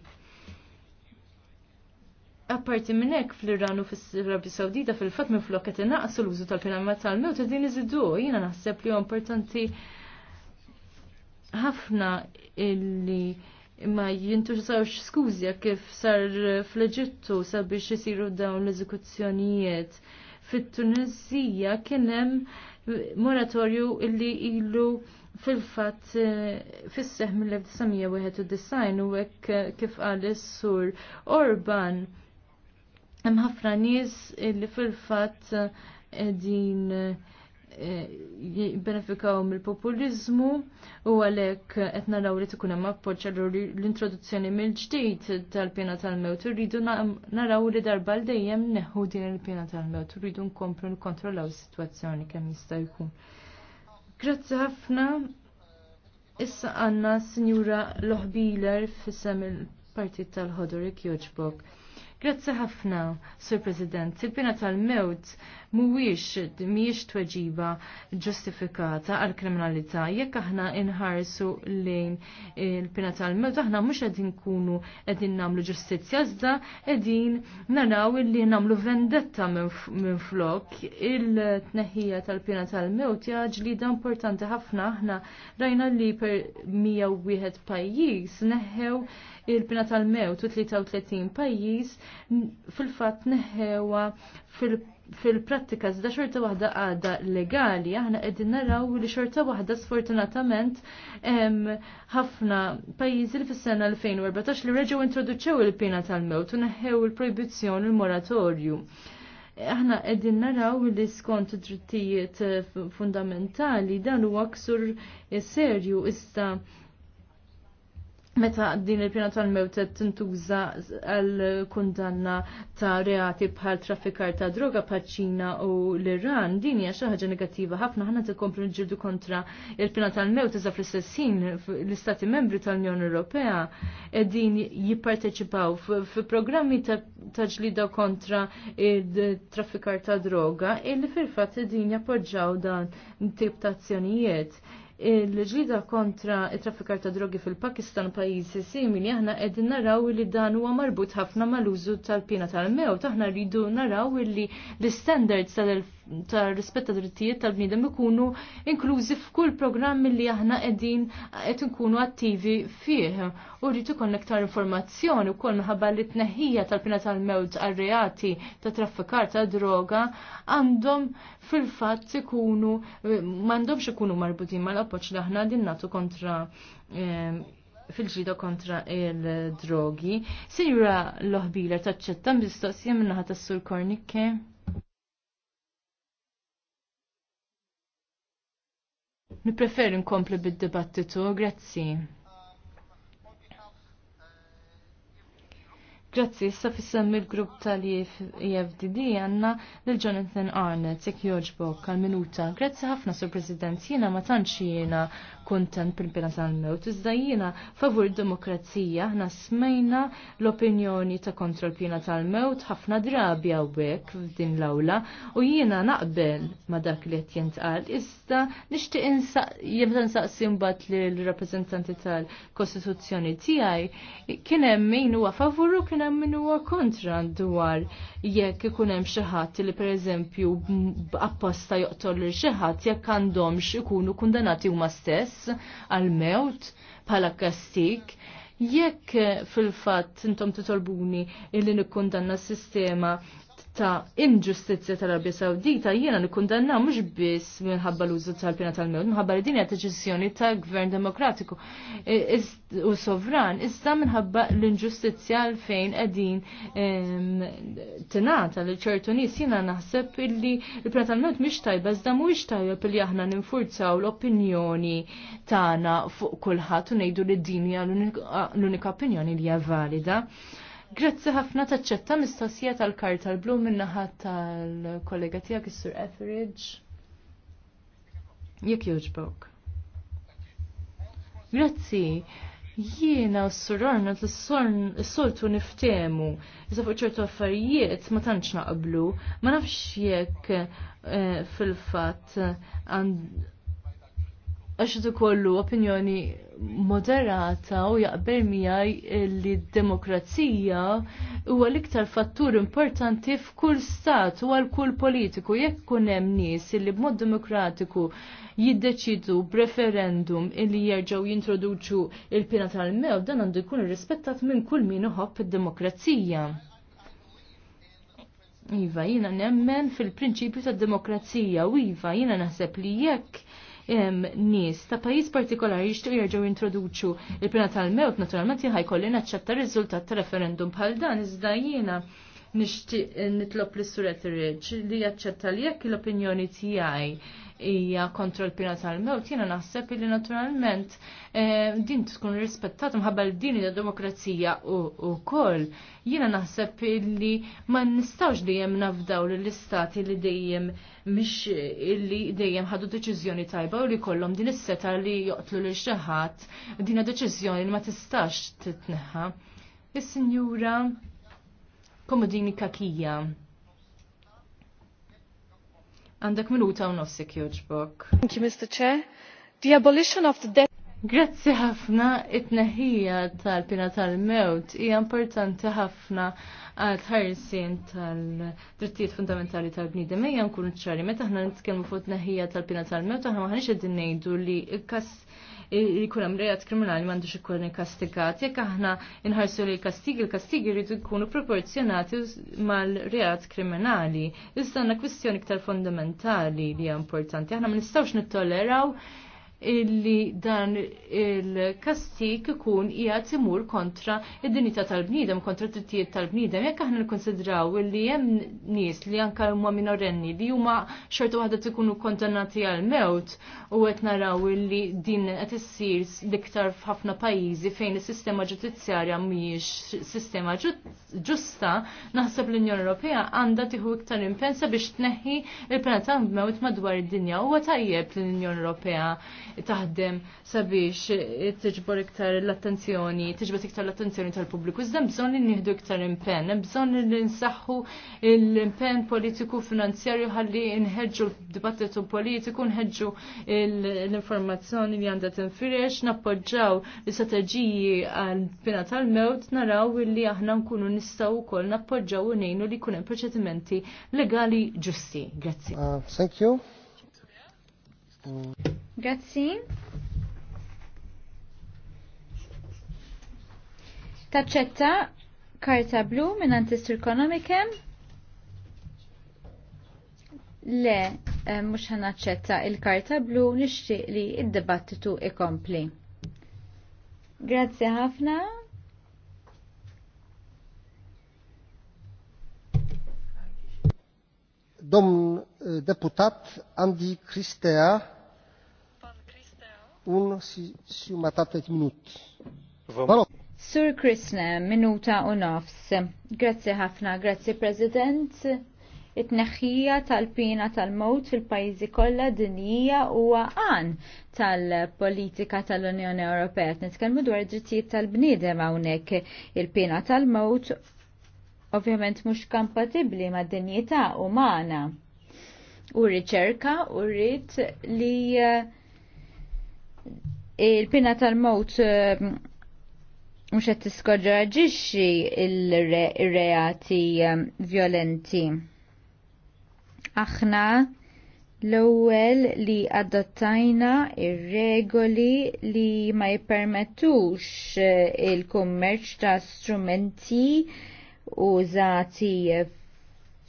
Apparti minn hekk fl-Iran u fis-Arabja Saudita fil-fatt minn flokket qed innaqsu l-użu tal-pina tal-mewt din iżidu jiena naħseb li importanti ħafna illi imma jintużawx skużja kif sar fl-Eġittu sabiex isiru dawn l-eżekuzzjonijiet. Fit-Tunizija kien hemm moratorju illi ilu fil-fatt eh, seħ mill-1991 u hekk eh, kif qal is-sur Orban hemm ħafna nies illi fil-fatt eh, din Eh, jibbenefikaw mill-populizmu u għalek qed naraw li tkun hemm appoġġa l-introduzzjoni mill-ġdid tal-pjena tal-mewt irridu naraw li darba l dejjem neħu din il-pjena tal-mewt irridu nkomplu nkontrollaw is-sitwazzjoni kemm jista' jkun. Grazzi ħafna. Issa għanna Sinjura Loħbiler fissem il-partit tal-ħodur Kjoġbok. Grazzi ħafna, Sur President. Il-pina tal-mewt mhuwiex mhijiex tweġiba ġustifikata għal kriminalità jekk aħna inħarsu lejn il-pina tal-mewt aħna mhux qegħdin nkunu qegħdin nagħmlu ġustizzja iżda qegħdin naraw illi nagħmlu vendetta minn flok il-tneħħija tal-pina tal-mewt hija ġlida importanti ħafna aħna rajna li per 101 pajjiż neħħew il-pina tal-mewt u 33 pajjiż fil-fatt neħewa fil fil-prattika zda xorta waħda għada legali, aħna qegħdin naraw li xorta waħda sfortunatament ħafna pajjiżi li fis-sena 2014 li reġgħu introduċew il pina tal-mewt u neħħew il-projbizzjoni il moratorju Aħna qegħdin naraw li skont drittijiet fundamentali dan huwa ksur serju issa meta din il-pjena tal-mewt tintuża għal kundanna ta' reati bħal traffikar ta' droga paċ-Ċina u l-Iran, din hija xi ħaġa negattiva ħafna ħana tikkomplu nġirdu kontra il-pjena tal-mewt iżda fl istessin l-Istati Membri tal-Unjoni Ewropea qegħdin jipparteċipaw f'programmi programmi ta' ġlida kontra il-traffikar ta' droga illi fil-fatt qegħdin jappoġġaw dan tip ta' azzjonijiet il-ġlida kontra il-traffikar ta' drogi fil-Pakistan pajjiżi simili aħna qegħdin naraw li dan huwa marbut ħafna mal-użu tal-pina tal-mew taħna rridu naraw li l-standards tal ta' rispett drittijiet tal-bniedem ikunu inklużi f'kull programm li aħna qegħdin qed nkunu attivi fih. U rrid ikun aktar informazzjoni wkoll minħabba li tneħħija tal-pina tal-mewt għar-reati ta' traffikar ta' droga għandhom fil-fatt ikunu m'għandhomx ikunu marbutin mal-appoġġ li aħna din nagħtu kontra ehm, fil-ġida kontra il-drogi. Sinjura Loħbiler taċċetta mistoqsija min-naħa tas-sur Kornikke. Nipreferi nkomplu bid-dibattitu, grazzi. Grazzi, issa fissem il-grupp tal-EFDD għanna l-Jonathan Arnett, jek joġbok għal-minuta. Grazzi ħafna, Sur President, jena ma tantx jena kontent pil-pina tal-mewt. Iżda jiena favur demokrazija, ħna smajna l-opinjoni ta' kontra l-pina tal-mewt ħafna drabi għawek f'din l-awla u jiena naqbel ma dak li qed jintqal. Iżda nixtieq jibda nsaqsim bat li l-rappreżentanti tal-Kostituzzjoni tiegħi kien hemm min huwa favur u kien hemm min huwa kontra dwar jekk ikun hemm xi ħadd li pereżempju b'apposta joqtol lil xi ħadd jekk għandhomx ikunu kundanati huma stess il għal-mewt bħala kastik jekk fil fat intom titolbuni illi nikkundanna s-sistema ta' inġustizja tal-Arabja Sawdita jiena li kundanna mhux biss minħabba l-użu tal-pena tal-mewt, minħabba li din hija deċiżjoni ta' gvern demokratiku u sovran, iżda minħabba l-inġustizja l fejn qegħdin tingħata li ċertu nies jiena naħseb illi l-pena tal-mewt mhix tajba iżda mhux tajjeb li aħna ninfurzaw l-opinjoni tagħna fuq kulħadd u ngħidu li din hija l-unika opinjoni li hija valida. Grazzi ħafna taċċetta mistoqsija tal kart tal-blu minnaħa tal-kollega tiegħek is-Sur Etheridge. Jekk jogħġbok. Grazzi. Jiena s sorna s-soltu niftemu. Iżda fuq ċertu affarijiet ma tantx naqblu, ma nafx jekk eh, fil-fatt għax kollu opinjoni moderata u jaqbel miħaj li d-demokrazija huwa l-iktar fattur importanti f'kull stat u għal kull politiku jekk kunem hemm nies li b'mod demokratiku jiddeċidu b'referendum illi jerġgħu jintroduċu il-pina tal-mew dan għandu jkun irrispettat minn kull min iħobb id-demokrazija. Iva, jina nemmen fil-prinċipju tad demokrazija u iva, jina naħseb li jekk nies ta' pajjiż partikolari jixtiequ jirġu jintroduċu il-pena tal-mewt naturalment ħajkolli naċċetta r-riżultat ta' referendum bħal dan iżda jiena nixtieq nitlob l suret Ridge li jaċċetta li jekk l-opinjoni tiegħi hija kontra l-pina tal-mewt, jiena naħseb li naturalment eh, din tkun rispettat mħabba din da demokrazija wkoll. Jiena naħseb li ma nistgħux dejjem nafdaw lill-istati li dejjem mhix illi dejjem ħadu deċiżjoni tajba u li kollhom din is-seta li joqtlu lil xi ħadd, din deċiżjoni li ma tistax titneħħa. Is-Sinjura komodini kakija. Għandek minuta u nofsek joġbok. Thank you, Mr. Chair. The abolition of the death Grazzi ħafna it-neħija tal-pina tal-mewt hija importanti ħafna għal ħarsien tal-drittijiet fundamentali tal bnidem ejja nkunu ċari meta ħna nitkellmu fuq it-neħija tal-pina tal-mewt aħna ma ħanix qegħdin ngħidu li kas jkun hemm rejat kriminali m'għandux ikun ikkastigat. Jekk aħna inħarsu li kastig il-kastigi jridu jkunu proporzjonati mal-rejat kriminali. Issa għandna kwistjoni iktar fondamentali li hija importanti. Aħna ma nistgħux nittoleraw illi dan il-kastik ikun ija timur kontra id-dinjità tal-bniedem, kontra t tiet tal-bniedem. Jekk aħna nikkonsidraw illi hemm nies li anke huma minorenni li huma xorta waħda tkunu kondannati għal mewt u qed naraw illi din qed issir l-iktar f'ħafna pajjiżi fejn is-sistema ġudizzjarja mhijiex sistema ġusta, naħseb l-Unjoni Ewropea għandha tieħu iktar impensa biex tneħħi il penata ta' mewt madwar id-dinja huwa tajjeb l-Unjoni Ewropea taħdem sabiex tiġbor iktar l-attenzjoni, tiġbor iktar l-attenzjoni tal-pubbliku. Iżda bżonn li nieħdu iktar impenn, bżon li nsaħħu l-impenn politiku finanzjarju ħalli nħeġġu dibattitu politiku, nħeġġu l-informazzjoni li għandha tinfirex, nappoġġaw l-istrateġiji għal pina tal-mewt, naraw li aħna nkunu nistaw ukoll nappoġġaw u nejnu li jkun hemm proċedimenti legali ġusti. Grazzi. Uh, thank you. Grazzi. Taċċetta karta blu minn Antistur Ekonomike. Le, eh, mux ħanaċċetta il-karta blu nixtieq li id-dibattitu ikompli. Grazzi ħafna. Dom eh, deputat Andi Kristea un xumata tlet minut. Sur Krishna, minuta u nofs. Grazzi ħafna, grazie President. It-neħħija tal-pina tal-mowt fil-pajjiżi kollha dinija huwa għan tal-politika tal-Unjoni Ewropea. Nitkellmu dwar drittijiet tal-bniedem hawnhekk il-pina tal-mowt ovvjament mhux kompatibbli mad dinjità umana. U riċerka u rrit li uh, il-pina tal-mot eh, mux għed tiskoġraġiċi il-reati eh, violenti. Aħna l-ewwel li adottajna il regoli li ma jippermettux eh, il-kummerċ ta' strumenti użati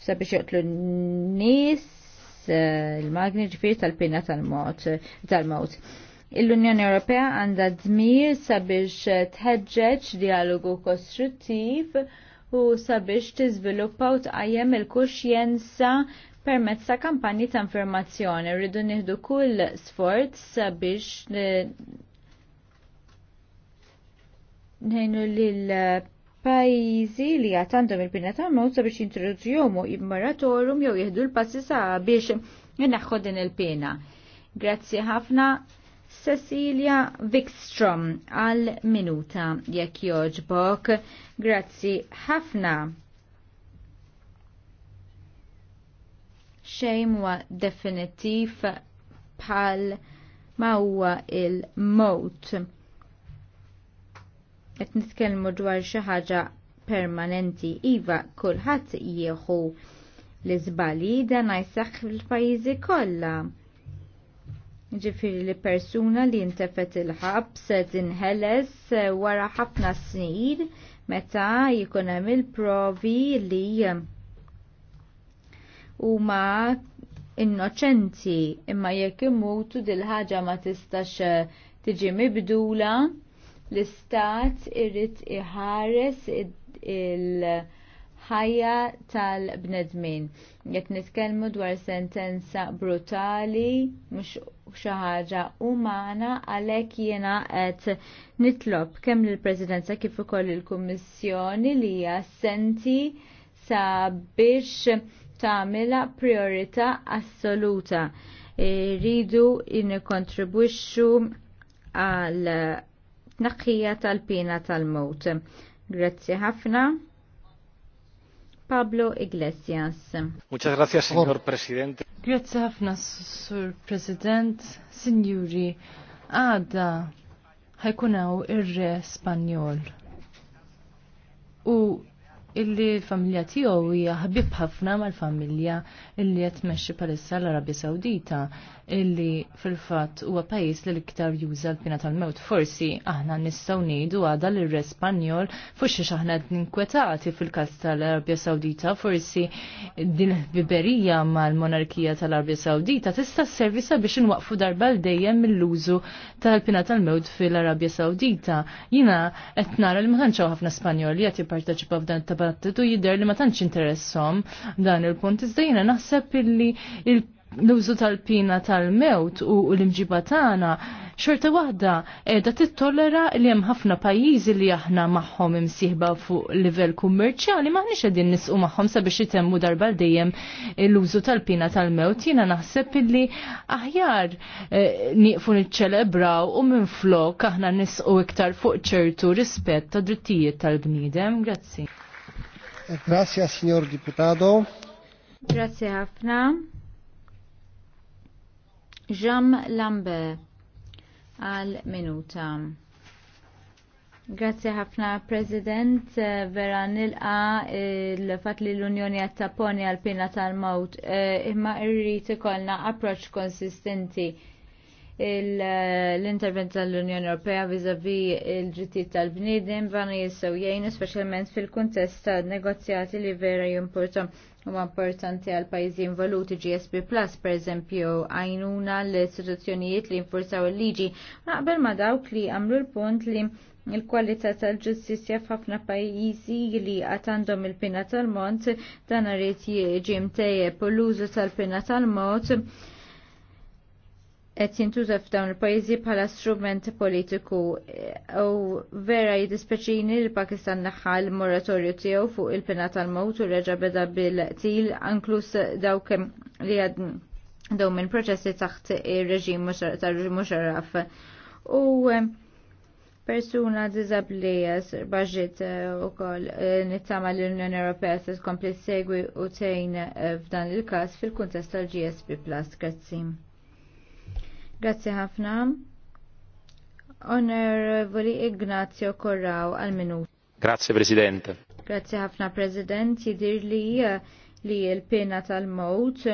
sabiex joqtlu n-nies il-magni ġifir tal-pina tal-mot. Tal l-Unjoni Ewropea għandha dmir sabiex tħeġġeġ dialogu kostruttiv u sabiex tiżviluppa u tqajjem il-kuxjenza permezz ta' kampanji ta' informazzjoni. Rridu nieħdu kull sforz sabiex ngħinu lil pajjiżi li għandhom il-bina ta' mod sabiex jintrodujomu il-moratorium jew jieħdu l-passi sabiex biex din il-pena. Grazzi ħafna Cecilia Wikstrom għal minuta jekk joġbok. Grazzi ħafna. Xejn huwa definittiv bħal ma huwa il-mot. Qed nitkellmu dwar xi ħaġa permanenti iva kulħadd jieħu l-iżbali dan fil-pajjiżi kollha Ġifiri li persuna li jintefet il ħab se tinħeles eh, wara ħafna snin meta jikun hemm il-provi li eh, huma innoċenti imma jekk imutu dil-ħaġa ma tistax eh, tiġi mibdula l-istat irrid iħares il ħajja tal-bnedmin. Jek nitkellmu dwar sentenza brutali, mhux xi ħaġa umana għalhekk jiena qed nitlob kemm l presidenza kif ukoll il-Kummissjoni li hija senti sabiex tagħmilha priorità assoluta. in inkontribwixxu għal tnaqqija tal-pina tal mot Grazzi ħafna. Pablo Iglesias. Muchas gracias, señor Presidente. Grazie ħafna, Sur President, signori, għada ħajkunaw ir-re Spanjol. U illi l-familja tiegħu hija ħbib ħafna mal-familja illi qed tmexxi bħalissa l-Arabja Sawdita illi fil-fatt huwa pajjiż li l-iktar juża l-pina tal-mewt. Forsi aħna nistgħu ngħidu għadha l re Spanjol fuq xi aħna qed ninkwetati fil-każ tal-Arabja Sawdita, forsi din biberija mal-monarkija tal-Arabja Sawdita tista' servisa biex inwaqfu darba l dejjem mill-użu tal-pina tal-mewt fil-Arabja Sawdita. Jina qed nara li ma ħafna Spanjol li qed jipparteċipaw f'dan it dibattitu jidher li ma tantx interessom dan il-punt iżda jiena naħseb illi l-użu tal-pina tal-mewt u l-imġiba tagħna xorta waħda edha tittolera li hemm ħafna pajjiżi li aħna magħhom imsieħba fuq livell kummerċjali m'aħniex qegħdin nisqu magħhom sabiex itemmu darba dejjem l-użu tal-pina tal-mewt jiena naħseb illi aħjar eh, nieqfu niċċelebraw u minflok aħna nisqu iktar fuq ċertu rispett ta' drittijiet tal-bniedem. Grazzi. Grazie, signor Deputato. Grazie ħafna. Jam Lambe al minuta. Grazie ħafna President, vera nilqa il-fat li l-Unjoni għattaponi għal pina tal-mawt, eh, imma irrit ikollna approċ konsistenti l-intervent tal-Unjoni Ewropea vis-a-vis l-ġittijiet tal-bniedem vana jistgħu jgħinu speċjalment fil-kuntest ta' negozjati li vera jimporta huma importanti għal pajjiżi involuti GSP Plus pereżempju għajnuna l-istituzzjonijiet li jinfurzaw il-liġi naqbel ma' dawk li għamlu l-punt li il-kwalità tal-ġustizja f'ħafna pajjiżi li għad għandhom il-pina tal-mont dan rrid jiġi mtejjeb u l-użu tal-pina tal-mont qed jintuża f'dawn il-pajjiżi bħala strument politiku e, u vera jiddispjaċini li Pakistan naħħa l-moratorju tiegħu fuq il-pena tal-mewt u reġa' beda bil-qtil anklus dawk li għad daw minn proċessi taħt ir-reġim tar-Musharraf. U e, persuna dizabli baġit e, u koll nittama l-Unjoni Ewropea se tkompli segwi u tejn f'dan il-każ fil-kuntest tal-GSP Plus. Grazzi. Grazzi ħafna. Onorevoli Ignazio Corrao al menu. Grazie Presidente. Grazie ħafna President, jidir li li l-pena tal-mowt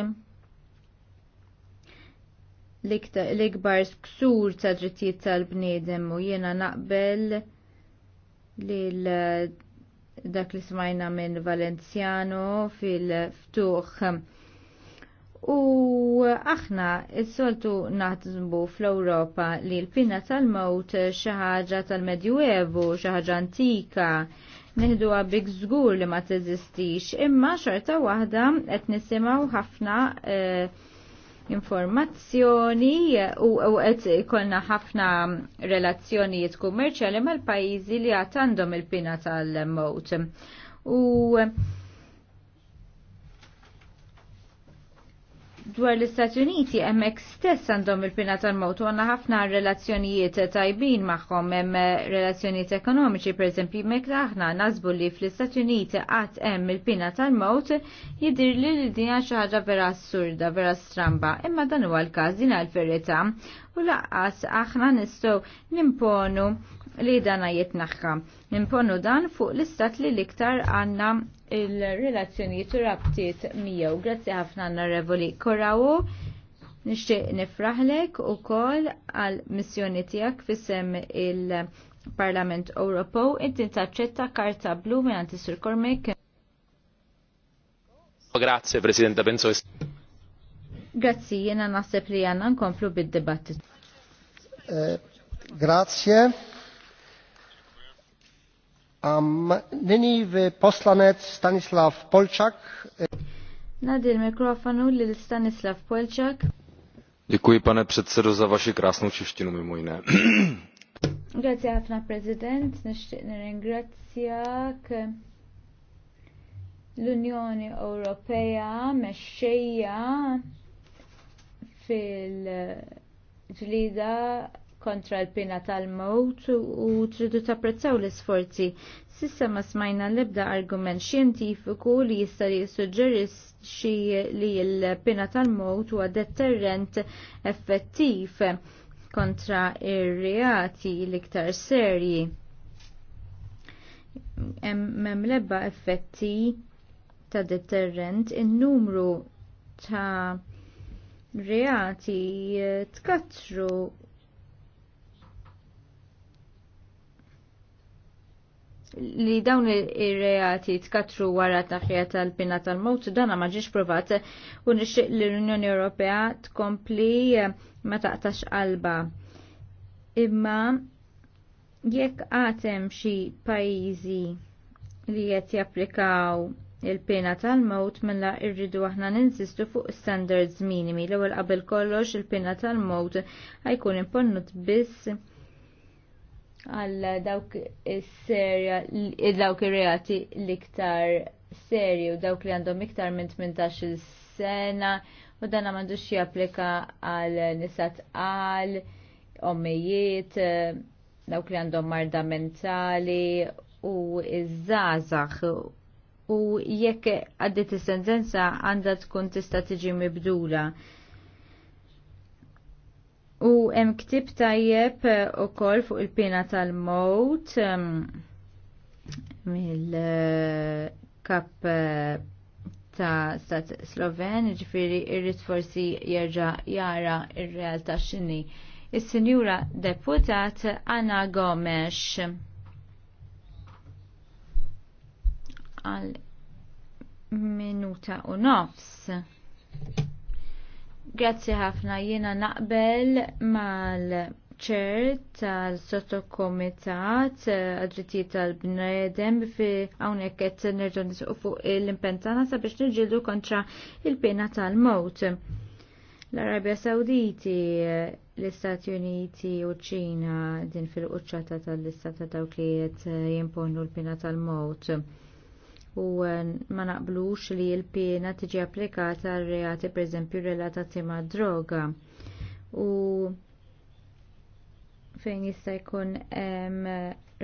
l-ikbar sksur ta' drittijiet tal-bniedem u jiena naqbel li dak li smajna minn Valenziano fil-ftuħ U aħna s-soltu naħdżbu fl-Europa li l-pina tal-mowt xaħġa tal-Medjuevu, xaħġa antika, neħdu għabik zgur li ma teżistix, imma xorta wahda qed nisimaw ħafna eh, informazzjoni u qed ikolna ħafna relazzjonijiet kummerċjali mal-pajjiżi li għat għandhom il-pina tal-mowt. U dwar l-Istati Uniti hemmhekk stess għandhom il-pina tal-mewt u għandna ħafna relazzjonijiet tajbin magħhom hemm eh, relazzjonijiet ekonomiċi esempi mek aħna nazbu li fl-Istati Uniti għat hemm il-pina tal-mewt jidir li li dina xi ħaġa vera assurda, vera stramba, imma dan huwa l-każ din l verità u laqqas aħna nistgħu nimponu li dana jitnaħħa. Nimponu dan fuq l-istat li l-iktar għandna il-relazzjonijiet u mija u Grazzi ħafna revoli Korawu. Nixtieq nifraħlek ukoll għal missjoni tiegħek fisem il-Parlament Ewropew inti taċċetta karta blu minn Sir Cormac. Grazie Presidenta, penso Grazzi, jena naħseb li għanna nkomplu bid-debattit. Eh, grazie. Um, Nini poslanec Stanislav Polczak. Nadir mikrofonu lil Stanislav Polczak. Děkuji, pane předsedo, za vaši krásnou češtinu mimo jiné. Grazie ħafna President, nixtieq nirringrazzjak l-Unjoni Ewropea mexxejja fil-ġlida kontra l pina tal-mewt u tridu tapprezzaw l-isforzi. Sissa ma smajna l-ebda argument xjentifiku li jista' jissuġġerixxi li l pina tal-mewt huwa deterrent effettiv kontra ir-reati l-iktar serji. Mem l-ebda effetti ta' deterrent in-numru ta' reati tkatru. li dawn il reati tkatru wara taħħija tal-pina tal-mowt dana ma provat u nixtieq li l-Unjoni Ewropea tkompli eh, ma taqtax qalba. Imma jekk għatem xi pajjiżi li qed japplikaw il-pena tal-mowt mela irridu aħna ninsistu fuq standards minimi l-ewwel qabel kollox il-pena tal-mowt ħajkun imponnut biss għal dawk is-serja dawk ir-reati l-iktar serji u dawk li għandhom iktar minn 18-il sena u dan m'għandux japplika għal nisat għal ommijiet dawk li għandhom marda mentali u iż-żazax u jekk għaddit is-sentenza għandha tkun tista' tiġi mibdula U hemm ktib tajjeb eh, ukoll fuq il-pena tal-mowt ehm, mill-kap eh, eh, ta' stat Sloven, ġifiri irrit forsi jerġa jara ir-realtà x'inhi. Is-Sinjura Deputat Anna Gomes. Għal minuta u nofs. Grazzi ħafna jiena naqbel mal-ċer tal-sottokomitat eh, għadrittijiet tal-bnedem fi hawnhekk qed nerġgħu nisqu fuq l-impentana sabiex niġġieldu kontra il-pena tal mot L-Arabja Sawditi, eh, l-Istati Uniti u ċina din fil-quċċata tal-lista ta' dawk li eh, jimponu l-pena tal mot u eh, ma naqblux li l-pena tiġi applikata għal reati pereżempju relatati ma' droga. U fejn jista' jkun hemm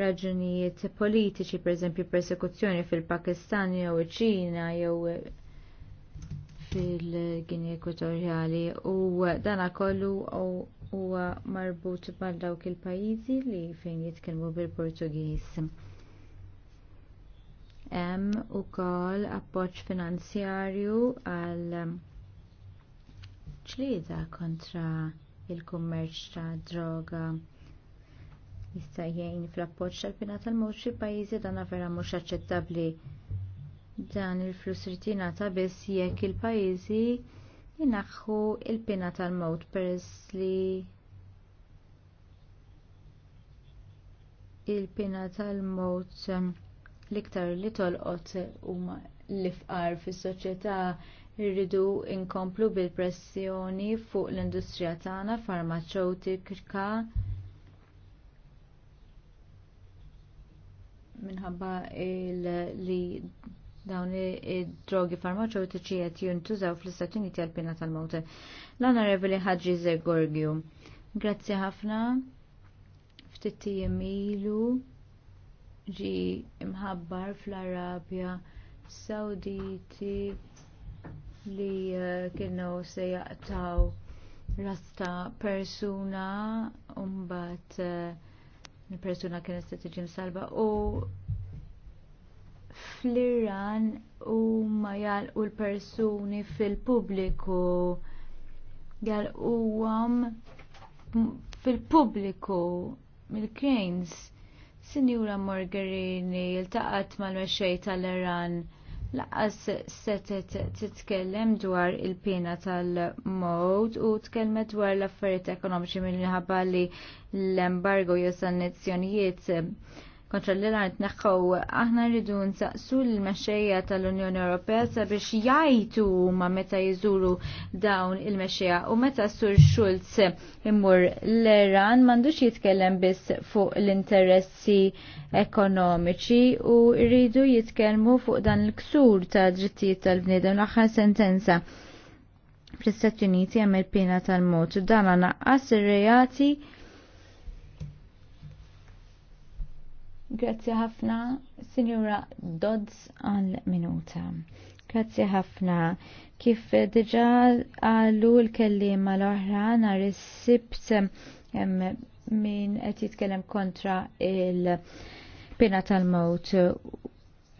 raġunijiet politiċi, pereżempju persekuzzjoni fil-Pakistan jew iċ-Ċina jew fil-Gini Ekwatorjali u dan kollu huwa marbut mal dawk il-pajjiżi li fejn jitkellmu bil-Portugiż. Hemm ukoll appoġġ finanzjarju għal ċlieda ehm, kontra il-kummerċ ta' droga jista' jgħin fl-appoġġ tal-bina tal-mewt xi pajjiżi dan vera mhux aċċettabbli. Dan il-flus ritina jingħata biss jekk il-pajjiżi jinaħħu l pina tal-mewt peress li il-pina tal-mewt ehm, l-iktar li tolqot huma l-ifqar fis-soċjetà irridu nkomplu bil-pressjoni fuq l-industrija tagħna farmaceutika minħabba li dawn id-drogi farmaceutiċi qed jintużaw fl-Istati Uniti għal pina tal-mewt. L-Onorevoli Ħaġi Zegorgju. Grazzi ħafna. Ftit ilu ġi imħabbar fl-Arabja Sawditi li eh, kienu se jaqtaw rasta persuna umbat eh, persuna kienet se tiġi msalba u fl-Iran huma jalqu l-persuni fil-pubbliku jalquhom fil-pubbliku mill-Keynes Sinjura Morgarini iltaqat mal-mexxej tal-Iran laqas setet titkellem dwar il pina tal-mod u tkellmet dwar l-affarijiet ekonomiċi minħabba li l-embargo jew sannizzjonijiet kontra l t-neħħaw, aħna rridu nsaqsu l-mexxejja tal-Unjoni Ewropea sabiex jajtu ma meta jizuru dawn il-mexxejja u meta Sur Schulz imur l-Iran m'għandux jitkellem biss fuq l-interessi ekonomiċi u rridu jitkellmu fuq dan il-ksur ta' drittijiet tal-bniedem l axħar sentenza fl-Istati Uniti hemm il-pena tal mot u dan naqqas ir-reati Grazzi ħafna, Signora Dodds għal minuta. Grazzi ħafna. Kif diġa għallu l-kellima l-oħra nar is-sibt min qed jitkellem kontra il-pena tal mowt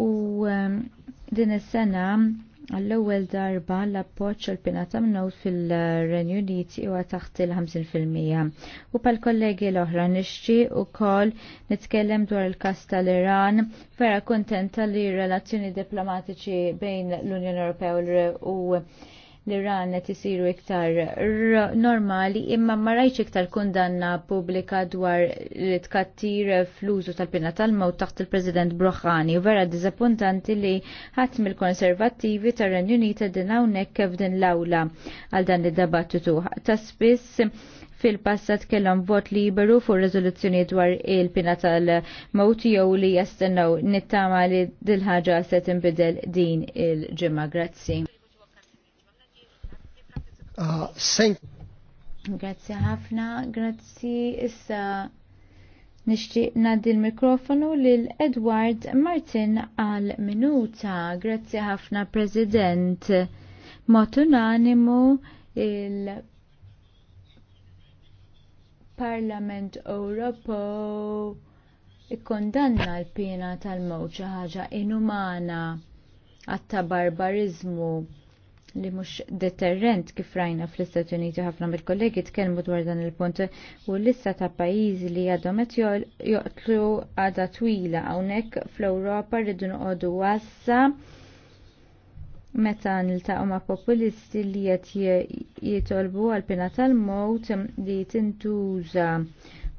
u din is-sena Għall-ewwel darba l-appoġġ għal pinata ta' fil-Renju Uniti huwa taħt il-50%. U pal kollegi l-oħra nixxi wkoll nitkellem dwar il-kas tal-Iran vera kontenta li r relazzjoni diplomatiċi bejn l-Unjoni Ewropea u li iran qed isiru iktar normali imma ma rajx iktar kundanna pubblika dwar li tkattir fl-użu tal-pina tal-mewt taħt il-President Broħani u vera diżappuntanti li ħadd mill-Konservattivi tar-Renju Unita din hawnhekk din l-awla għal dan id dabattitu ta' spiss fil-passat kellhom vot liberu fuq rezoluzzjoni dwar il-pina tal-mewt jew li jastennew nittama li dil-ħaġa se tinbidel din il ġimma Grazzi. Sen. Uh, grazzi ħafna, grazzi issa nixtieq ngħaddi l-mikrofonu lil Edward Martin għal minuta. Grazzi ħafna President. Mod unanimu il Parlament Ewropew ikkondanna l-pena tal mowċa ħaġa inumana għatta barbarizmu li mhux deterrent kif rajna fl-Istati Uniti ħafna mill-kollegi tkellmu dwar dan il-punt u l-lista ta' pajjiżi li għadhom qed joqtlu għadha twila hawnhekk fl-Ewropa rridu noqogħdu wassa meta niltaqgħu ma' populisti li qed jitolbu għal pena tal-mowt li tintuża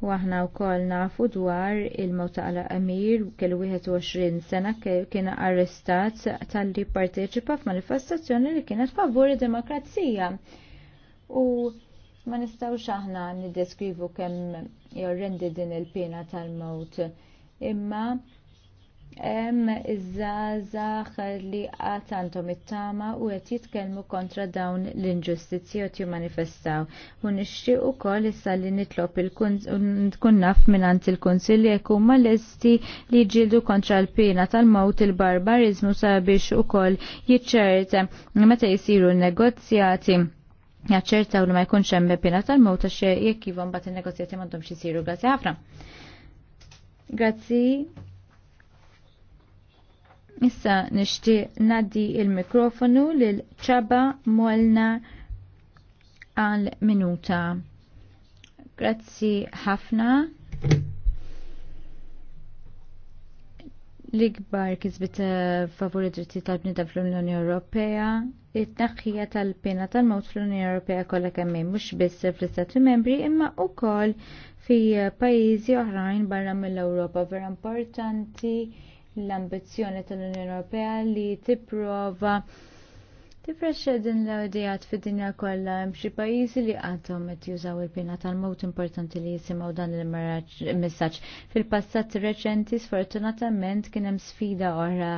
U aħna wkoll nafu dwar il-mewt għala Amir kellu 21 sena kien arrestat tal-li parteċipa f'manifestazzjoni li kienet favur id-demokrazija. U ma nistgħux aħna niddeskrivu kemm jorrendi din il-pena tal-mewt imma hemm iż-żgħażagħ li qatt għandhom it-tama u qed jitkellmu kontra dawn l-inġustizzji qed jimmanifestaw. U nixtieq ukoll issa li nitlob il-kun naf mingħand il kunsilli jekk huma lesti li jġildu kontra l-pena tal-mewt il-barbariżmu sabiex ukoll jiċċerta meta jsiru n-negozjati jaċċertaw li ma jkunx hemm pena tal mawt għax jekk jivhom bat in-negozjati m'għandhomx isiru. Grazzi ħafna. Grazzi. Issa nixtieq naddi il-mikrofonu lil ċaba Molna għal minuta. Grazzi ħafna. L-ikbar kizbit eh, favori dritti tal-bnida fl-Unjoni Ewropea, it-naħħija tal-pena tal mot fl-Unjoni Ewropea kollha kemm mux mhux biss fl-Istati Membri imma wkoll fi eh, pajjiżi oħrajn barra mill-Ewropa vera importanti l-ambizzjoni tal-Unjoni Ewropea li tipprova Tifreċċa din l-għodijat fid dinja kollha hemm xi pajjiżi li għadhom qed jużaw il-pina tal mod importanti li jisimgħu dan il-messaġġ. Fil-passat reċenti sfortunatament kien hemm sfida oħra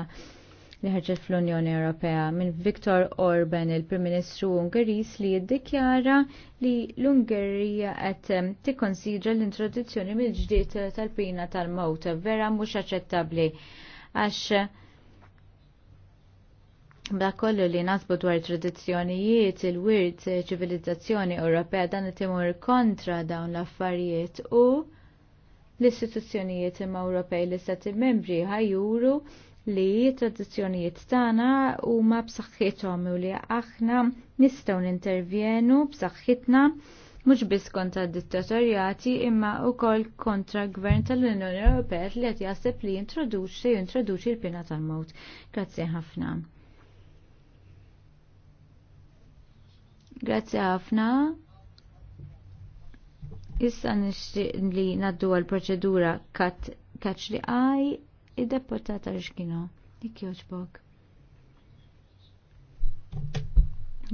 li ħarġet fl-Unjoni Ewropea minn Viktor Orban, il-Prim Ministru Ungeris li jiddikjara li l-Ungerija qed tikkonsidra l-introduzzjoni mill-ġdiet tal-pina tal mowt vera mhux aċċettabbli għax Bla kollu li nasbu dwar tradizzjonijiet, il-wirt, ċivilizzazzjoni Ewropea dan timur kontra dawn l-affarijiet u l-istituzzjonijiet imma Ewropej li stati membri ħajuru li tradizzjonijiet tagħna huma b'saħħithom u li aħna nistgħu nintervjenu b'saħħitna mhux biss kontra dittatorjati imma wkoll kontra gvern tal-Unjoni Ewropea li qed jaħseb li jintroduċi jintroduċi l-pena tal-mewt. Grazzi ħafna. Grazzi ħafna. Issa nixtieq li naddu għall proċedura kat kaċ li għaj id-deputata rixkino. Dik joġbok.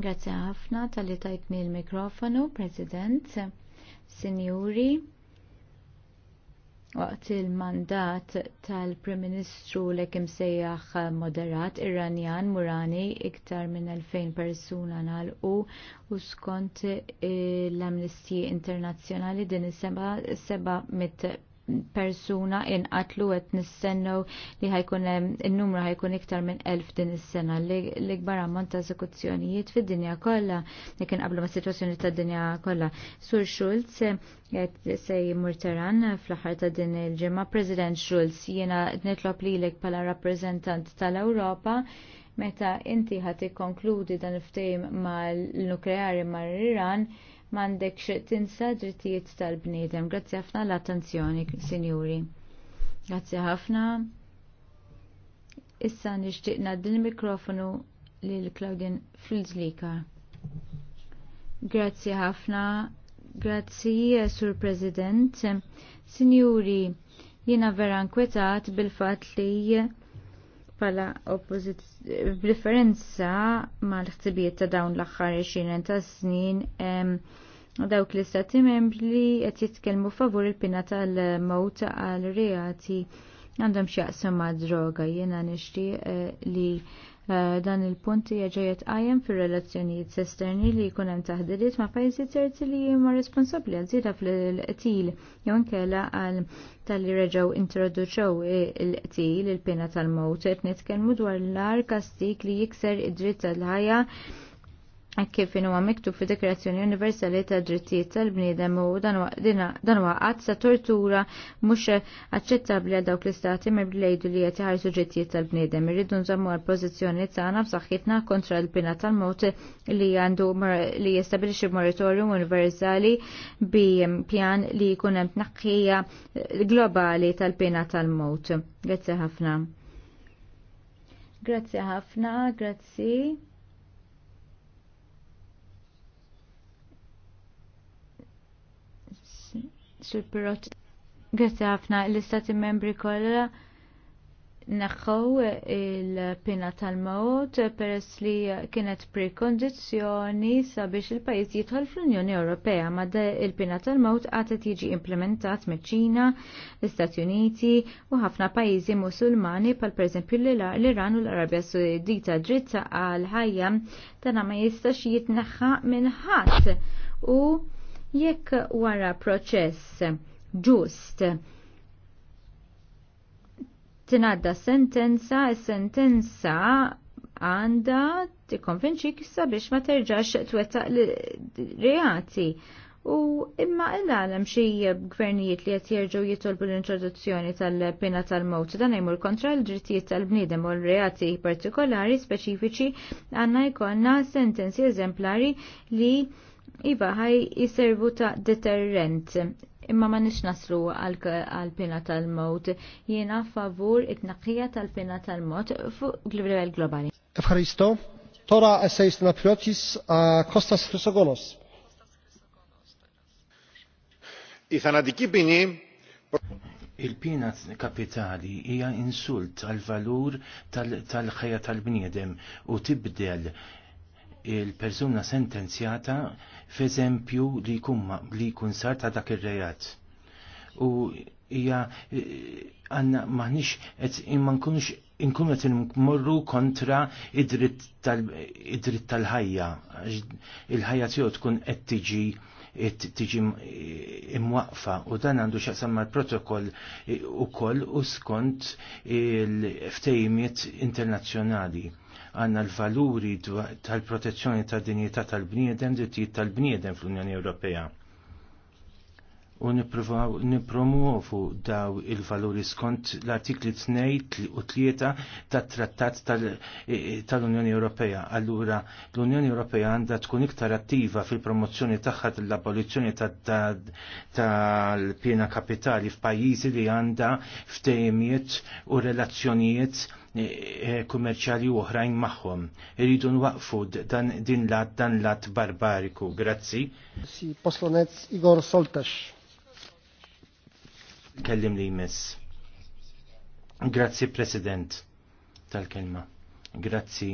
Grazie ħafna tal-li tajtni l-mikrofonu, President, Sinjuri, waqt il-mandat tal-Prim Ministru kim sejjaħ moderat Iranjan Murani iktar minn 2000 persuna nal u skont eh, l amnistija Internazzjonali din is-seba' persuna inqatlu qed nistennew li ħajkun in-numru ħajkun iktar minn elf din is-sena l-ikbar ammont ta' esekuzzjonijiet fid-dinja kollha li kien qablu ma' sitwazzjoni tad-dinja kollha. Sur Schulz qed se jmur Teran fl-aħħar ta' din il-ġimgħa. President Schulz jiena nitlob lilek bħala rappreżentant tal-Ewropa meta inti ħadd ikkonkludi dan il-ftehim mal-nukleari mar iran m'għandekx tinsa drittijiet tal-bniedem. Grazzi ħafna l-attenzjoni, sinjuri. Grazzi ħafna. Issa nixtieq din l mikrofonu lil Claudin Flizlika. Grazzi ħafna. Grazzi, Sur President. Sinjuri, jiena vera nkwetat bil-fat li pala b'differenza ma l-ħtibijiet ta' dawn l-axħar 20 ta' snin dawk li stati membri qed jitkellmu favur il-pina tal-mowt għal reati għandhom jaqsam ma' droga jiena nixtieq eh, li Eh, dan il-punti jaġajet għajem fir relazzjonijiet esterni li jkun hemm taħdidiet ma' pajjiżi terzi li huma responsabbli għal żieda fil-qtil jew inkella għal tal-li reġgħu introduċew il-qtil il-pena tal-mowt qed nitkellmu dwar l-ar kastik li jikser id-dritt tal-ħajja kif huwa miktub fi Deklarazzjoni Universali ta' Drittijiet tal-Bniedem u dan waqgħat sa' tortura mhux aċċettabbli għal dawk l-istati mibli jgħidu li qed iħarsu drittijiet tal-bniedem. Irridu nżammu għall-pożizzjoni tagħna b'saħħitna kontra l-pina tal mot li għandu li jistabilixxi moratorium universali bi pjan li jkun hemm tnaqqija globali tal-pina tal mot Grazzi ħafna. Grazzi ħafna, grazzi. sur pirot. Grazie ħafna l-istati membri kollha naħħu il-pina tal-mot peress li kienet prekondizjoni sabiex il-pajis jidħol fl-Unjoni Ewropea ma il-pina tal-mot għatet jiġi implementat me ċina, l-Istati Uniti u ħafna pajizi musulmani pal per eżempju l-Iran u l-Arabja Saudita dritta għal ħajja tana ma jistax jitneħħa minn ħadd u Jekk wara proċess ġust tinadda sentenza, sentenza għanda tikkonvinċik sabiex ma terġax twettaq reati. U imma il-għalem xie gvernijiet li qed jerġgħu jitolbu l-introduzzjoni tal-pena tal mot dan jmur kontra l-drittijiet tal-bniedem u l-reati partikolari speċifiċi għandna jkollna sentenzi eżemplari li Iva, ħaj jiservu ta' deterrent imma ma nix naslu għal-pina tal-mot, jiena favur it-naqija tal-pina tal-mot fuq livell globali. Efħaristo, tora essejst na a Kostas Frisogonos. Ithana θανατική Il-pina kapitali hija insult għal valur tal-ħajja tal-bniedem u tibdel il-persuna sentenzjata f'eżempju li jkun li jkun sar ta' dak ir-rejat. U hija għandna maħniex qed imma nkunux inkunu qed immorru kontra id-dritt tal-ħajja. Il-ħajja tiegħu tkun qed tiġi tiġi imwaqfa u dan għandu xaqsam mal protokoll e, u koll u skont il-ftejmiet internazzjonali għanna l-valuri tal-protezzjoni tad-dinjità tal-bniedem, drittijiet tal-bniedem fl-Unjoni Ewropea. U nipromuovu daw il-valuri skont l-artikli 2 u 3 tat-trattat e- e- tal-Unjoni Ewropea. Allura l-Unjoni Ewropea għandha tkun iktar attiva fil-promozzjoni tagħha l-abolizzjoni tal-pjena kapitali f'pajjiżi li għandha ftehimiet u relazzjonijiet Eh, kummerċjali oħrajn magħhom. Iridu nwaqfu dan din lat dan lat barbariku. Grazzi. Si poslanez Igor Soltax. Kellim li jmiss. Grazzi President tal-kelma. Grazzi.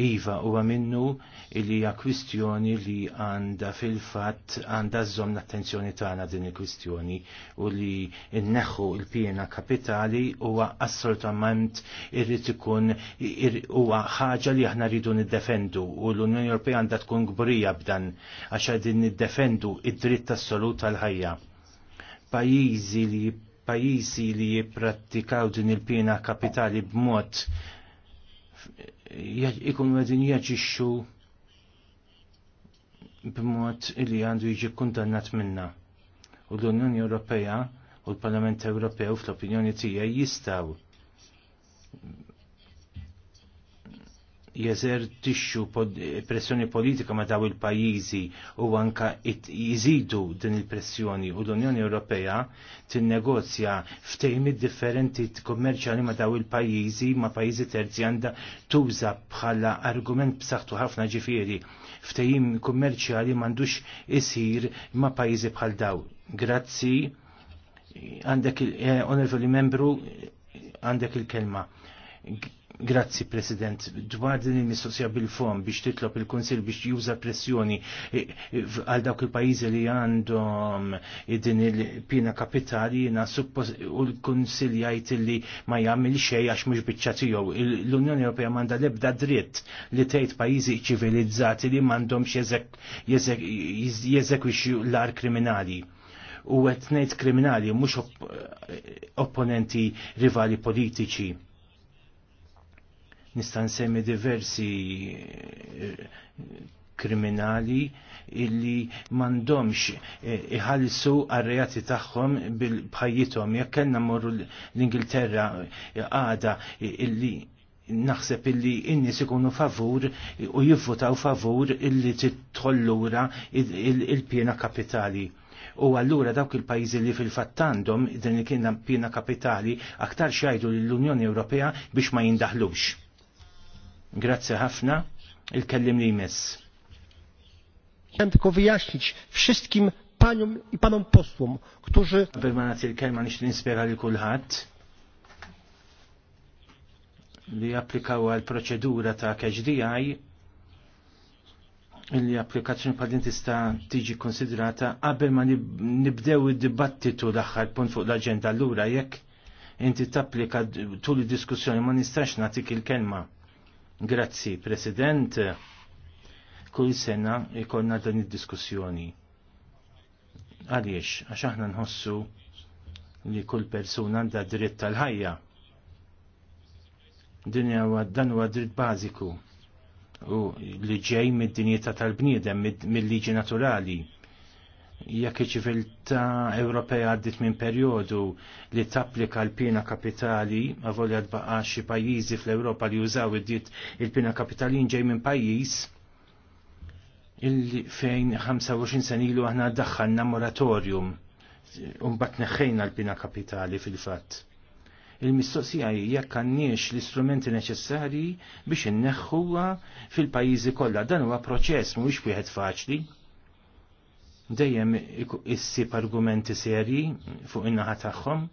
Iva huwa minnu li hija kwistjoni li għandha fil-fatt għandha żomm l-attenzjoni tagħna din il-kwistjoni u li nneħħu l-pjena kapitali huwa assolutament irrid ikun huwa ħaġa li aħna rridu niddefendu u l-Unjoni Ewropea għandha tkun kburija b'dan għax din niddefendu id-dritt assolut għall ħajja Pajjiżi li pajjiżi li jipprattikaw din il-pjena kapitali b'mod ikun għedin jaġixxu b'mod li għandu jiġi kundannat minna. U l-Unjoni Ewropea u l-Parlament Ewropew fl-opinjoni tiegħi jistgħu jeżertixxu pressjoni politika ma daw il-pajjiżi u anka jżidu din il-pressjoni u l-Unjoni Ewropea tinnegozja f'tejmi differenti kommerċjali ma daw il-pajjiżi ma pajjiżi terzi għandha tuża bħala argument b'saħħtu ħafna ġifieri ftejim kummerċjali m'għandux isir ma pajjiżi bħal daw. Grazzi għandek il-onorevoli eh, membru għandek il-kelma. Grazzi, President. Dwar din il-mistoqsija bil-fom biex titlob il-Konsil biex juża pressjoni eh, eh, għal dawk il-pajjiżi li għandhom eh, din il-pina kapitali jiena u l-Konsil jgħid li ma jagħmel xejn għax mhux biċċa tiegħu. L-Unjoni Ewropea m'għandha l-ebda dritt li tgħid pajjiżi ċivilizzati li m'għandhomx jeżekwixxu l-ar kriminali u għetnejt kriminali mhux opponenti rivali politiċi nista' nsemmi diversi eh, kriminali illi mandomx eh, iħallsu għarrejati tagħhom bil-bħajjithom jekk kellna morru l-Ingilterra eh, għada illi naħseb illi innis ikunu favur u jivvotaw favur illi titħollura il-pjena kapitali. U allura dawk il-pajjiżi li fil-fattandom din li kienna pjena kapitali aktar xajdu l-Unjoni Ewropea biex ma jindaħlux Grazzi ħafna, il-kellim li jmiss. Chciałem tylko wyjaśnić wszystkim paniom i panom posłom, którzy... Bermanat il-kelma nix nispera li kullħat li applikaw għal proċedura ta' KHDI li applikazzjoni pal-dentista tiġi konsidrata qabel ma nibdew id-dibattitu l-aħħar punt fuq l-agenda allura jekk inti tapplika tul id-diskussjoni ma nistax nagħtik il-kelma. Grazzi, President. Kull sena ikonna dan id-diskussjoni. Għaliex, għax aħna nħossu li kull persuna għandha dritt tal-ħajja. Din dan huwa dritt bażiku u li ġej mid-dinjeta tal-bniedem, mill-liġi naturali jekk iċiviltà Ewropea għaddit minn perjodu li tapplika l-pina kapitali, ma' volja tbaqa xi pajjiżi fl-Ewropa li jużaw id-diet il-pina kapitali ġej minn pajjiż illi fejn 25 sen ilu aħna daħħalna moratorium unbat neħħejna l-pina kapitali fil-fatt. Il-mistoqsija jekk għandniex l-istrumenti neċessarji biex inneħħuha fil-pajjiżi kollha. Dan huwa proċess mhuwiex wieħed faċli dejjem issib argumenti serji fuq in-naħa tagħhom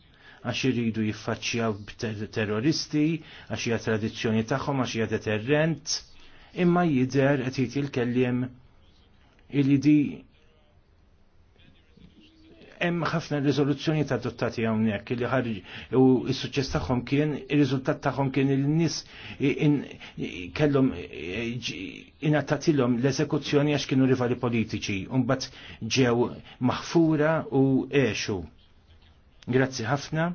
għax iridu jiffaċċjaw terroristi, għax hija tradizzjoni tagħhom, għax hija deterrent, imma jidher qed jgħid il-kelliem illi di hemm ħafna riżoluzzjoni ta' adottati hawnhekk li ħarġ u s-suċċess tagħhom kien ir-riżultat tagħhom kien il nies kellhom inattatilhom l-eżekuzzjoni għax kienu rivali politiċi u mbagħad ġew maħfura u għexu. Grazzi ħafna.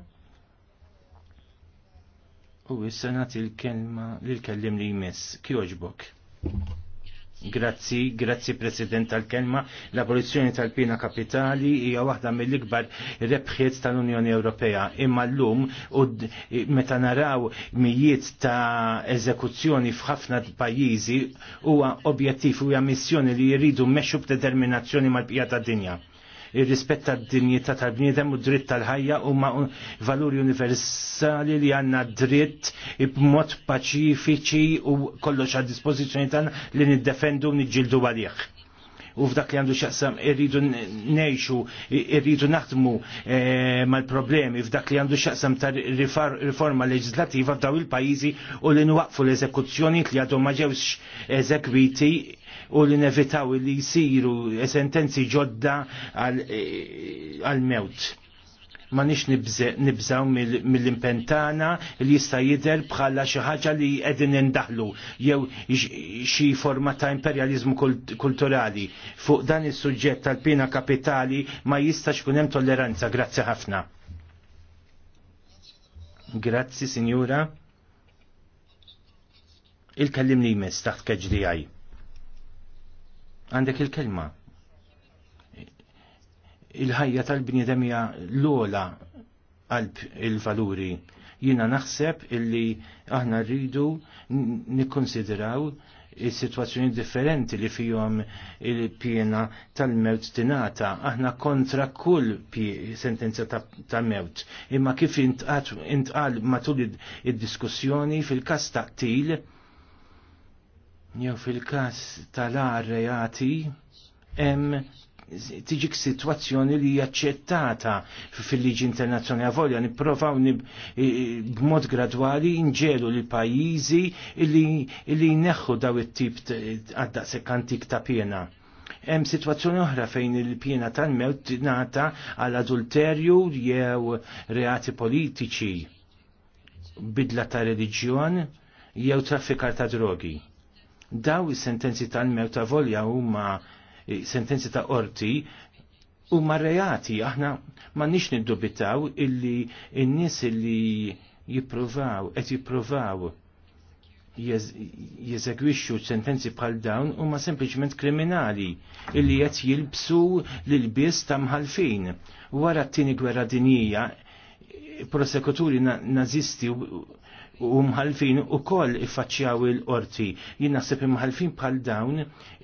U issa nagħti l-kelma lil kellim li jmiss. Kjoġbok. Grazzi, grazzi President tal-kelma. L-abolizzjoni tal-pina kapitali hija waħda mill-ikbar rebħiet tal-Unjoni Ewropea. Imma llum u meta naraw mijiet ta' eżekuzzjoni f'ħafna pajjiżi huwa objettiv hija missjoni li jridu mmexxu b'determinazzjoni mal-pija tad-dinja ir rispet tad-dinjità tal-bniedem u dritt tal-ħajja huma valuri universali li għandna dritt b'mod paċifiċi u kollox għad dispożizzjoni tagħna li niddefendu u niġġieldu għalih u f'dak li għandu xaqsam irridu nejxu, irridu naħdmu eh, mal-problemi f'dak li għandu xaqsam ta' riforma leġislativa f'daw il-pajizi u li nwaqfu l-eżekuzzjoni li għadhom maġewx eżekwiti u li nevitaw li jisiru sentenzi ġodda għal-mewt. E, ma nix nibżaw mill-impentana li jista' jidher bħala xi ħaġa li qegħdin indaħlu jew xi forma ta' imperjaliżmu kulturali. Fuq dan is-suġġett tal-pina kapitali ma jistax kun hemm tolleranza. Grazzi ħafna. Grazzi, Sinjura il-kellimni jmiss taħt keġdijaj. Għandek il-kelma. Il-ħajja tal-bniedem hija l-ola għalb il-valuri. Jina naħseb illi aħna rridu nikkonsidraw il-situazzjoni differenti li fihom il-pjena tal-mewt tinata. Aħna kontra kull sentenza ta', ta mewt. Imma kif intqal matul id-diskussjoni fil kasta ta' til, jew fil-każ tal-ar reati hemm tiġik situazzjoni li jaċċettata fil-liġi internazzjonali volja nipprovaw b'mod gradwali nġelu li pajjiżi li neħħu daw it-tip għaddaqsek antik ta' pjena. Hemm situazzjoni oħra fejn il-pjena tal-mewt nata għal adulterju jew reati politiċi bidla ta' reliġjon jew traffikar ta' drogi Daw is-sentenzi tal-mew ta' volja huma sentenzi ta' qorti huma reati aħna ma nix niddubitaw illi n-nies illi jippruvaw qed jippruvaw jeżegwixxu sentenzi bħal dawn huma sempliċement kriminali illi qed jilbsu l-biss ta' mħalfin. Wara t-tieni gwerra dinija, prosekuturi nazisti u mħalfin u kol iffaċċjaw il-qorti. Jien naħseb mħalfin bħal dawn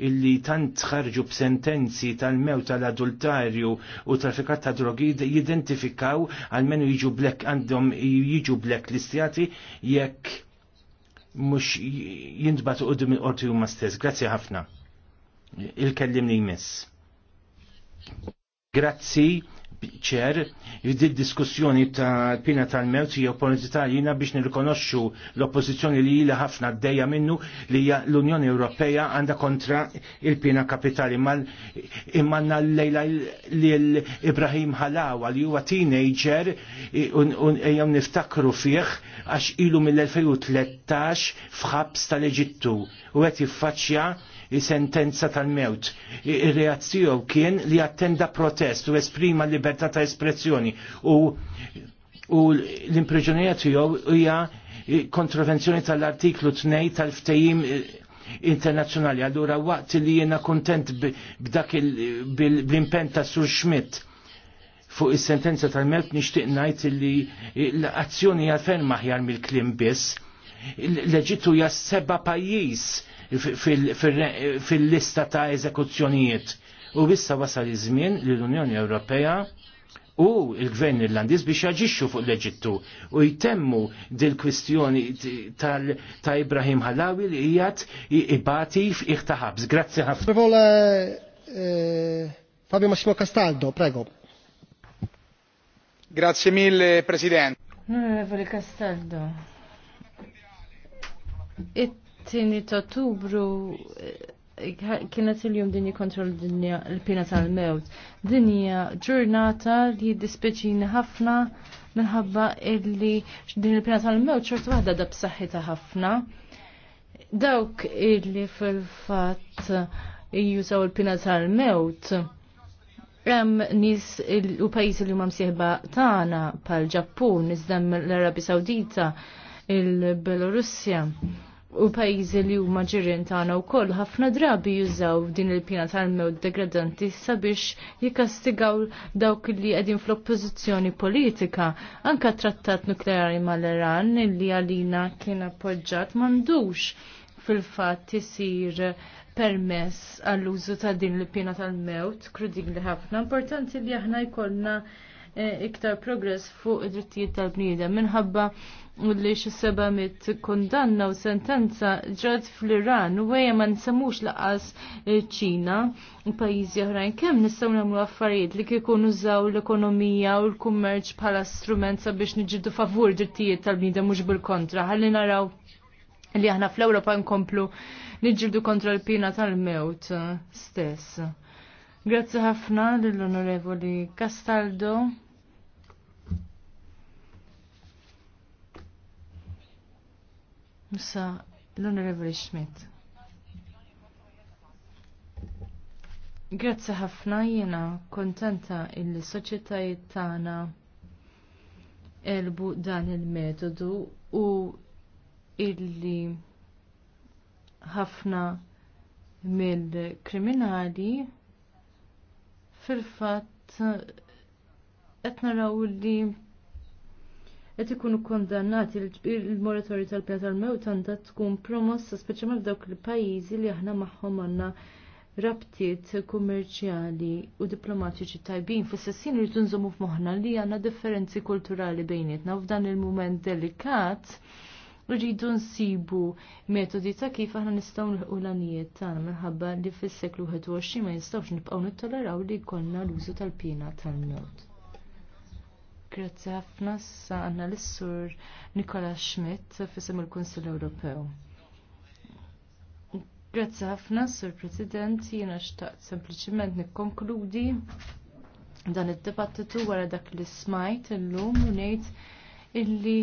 illi tant tħarġu b'sentenzi tal-mew tal-adultarju u trafikat ta' drogi jidentifikaw għalmenu jiġu blek għandhom jiġu blek listjati jekk mux jindbatu u dim il-qorti u stess. Grazzi ħafna. Il-kellimni jmiss. Grazzi ċer id diskussjoni ta' pina tal-mewt jew opportunità jina biex nirrikonoxxu l-oppożizzjoni li jila ħafna d-deja minnu li l-Unjoni Ewropea għandha kontra il-pina kapitali l lejla lil Ibrahim Halawa li huwa teenager jew niftakru fih għax ilu mill-2013 fħabs tal-Eġittu u qed jiffaċċja sentenza tal-mewt. Ir-reazzjoni kien li attenda protest u esprima libertà ta' espressjoni u u l-imprigjonija tiegħu hija kontrovenzjoni tal-artiklu 2 tal-ftehim internazzjonali. Allura waqt li jiena kontent b'dak il impen ta' Sur Schmidt fuq is-sentenza tal-mewt nixtieq ngħid li l-azzjoni għalfejn maħjar mill-klim biss l-Eġittu hija seba pajjiż fil-lista ta' eżekuzzjonijiet. U bissa wasal iż-żmien li l-Unjoni Ewropea u l gvern irlandiż biex jaġixxu fuq l-Eġittu u jtemmu dil-kwistjoni ta' Ibrahim Halawi li jgħat ibati f'iħtaħabs. Grazzi ħafna. Eh, Fabio Massimo Castaldo, prego. Grazie mille, Presidente. Onorevole Castaldo, tini ta' Ottubru eh, kienet il-jum dinji kontrol dinja l-pina tal-mewt. Dinja ġurnata li dispeċini ħafna minħabba illi din il-pina tal-mewt ċert waħda da b'saħħita ħafna. Dawk illi fil-fat jużaw il-pina tal-mewt. Hemm nies u pajjiżi li huma msieħba tagħna pal-Ġappun, iżda l-Arabi Sawdita, il-Belorussja. il il belorussja u pajjiżi li huma ġirien tagħna wkoll ħafna drabi jużaw din il-pjena tal-mewt degradanti sabiex jikastigaw dawk li qegħdin fl-oppożizzjoni politika. Anka trattat nukleari mal-Iran li għalina kien appoġġat m'għandux fil-fatt isir permess għall-użu ta' din il-pjena tal-mewt, krudik li ħafna importanti li aħna jkollna E, iktar progress fuq id-drittijiet tal-bniedem minħabba li xi seba mit u sentenza ġrat fl-Iran u għajja ma nsemux laqas e, ċina u pajjiżi oħrajn kemm nistgħu nagħmlu affarijiet li kikun użaw l-ekonomija u l-kummerċ bħala strument sabiex nġiddu favur drittijiet tal-bniedem mhux bil-kontra ħalli naraw li aħna fl-Ewropa nkomplu nġiddu kontra l-pina tal-mewt e, stess. Grazzi ħafna lill-Onorevoli Castaldo. Msa l-Onorevoli Schmidt. Grazzi ħafna jiena kontenta illi soċjetajiet tagħna elbu dan il-metodu u illi ħafna mill-kriminali fil-fatt qed naraw li qed ikunu kkondannati il-moratorju tal-pjat tal-mewt għandha tkun promossa speċjalment f'dawk il-pajjiżi li aħna magħhom għandna rabtiet kummerċjali u diplomatiċi tajbin fis-sessin rridu nżommu f'moħħna li għandna differenzi kulturali bejnietna f'dan il-mument delikat rridu nsibu metodi ta' kif aħna nistgħu nilħu l-anijiet tagħna minħabba li fis-seklu 21 ma jistgħux nibqgħu nittoleraw li jkollna l-użu tal-pina tal-mewt. Grazzi ħafna sa għanna l-sur Nikola Schmidt fissim il-Konsil Ewropew. Grazzi ħafna, Sur President, jiena xtaqt sempliciment nikkonkludi dan id debattitu wara dak li smajt illum u ngħid illi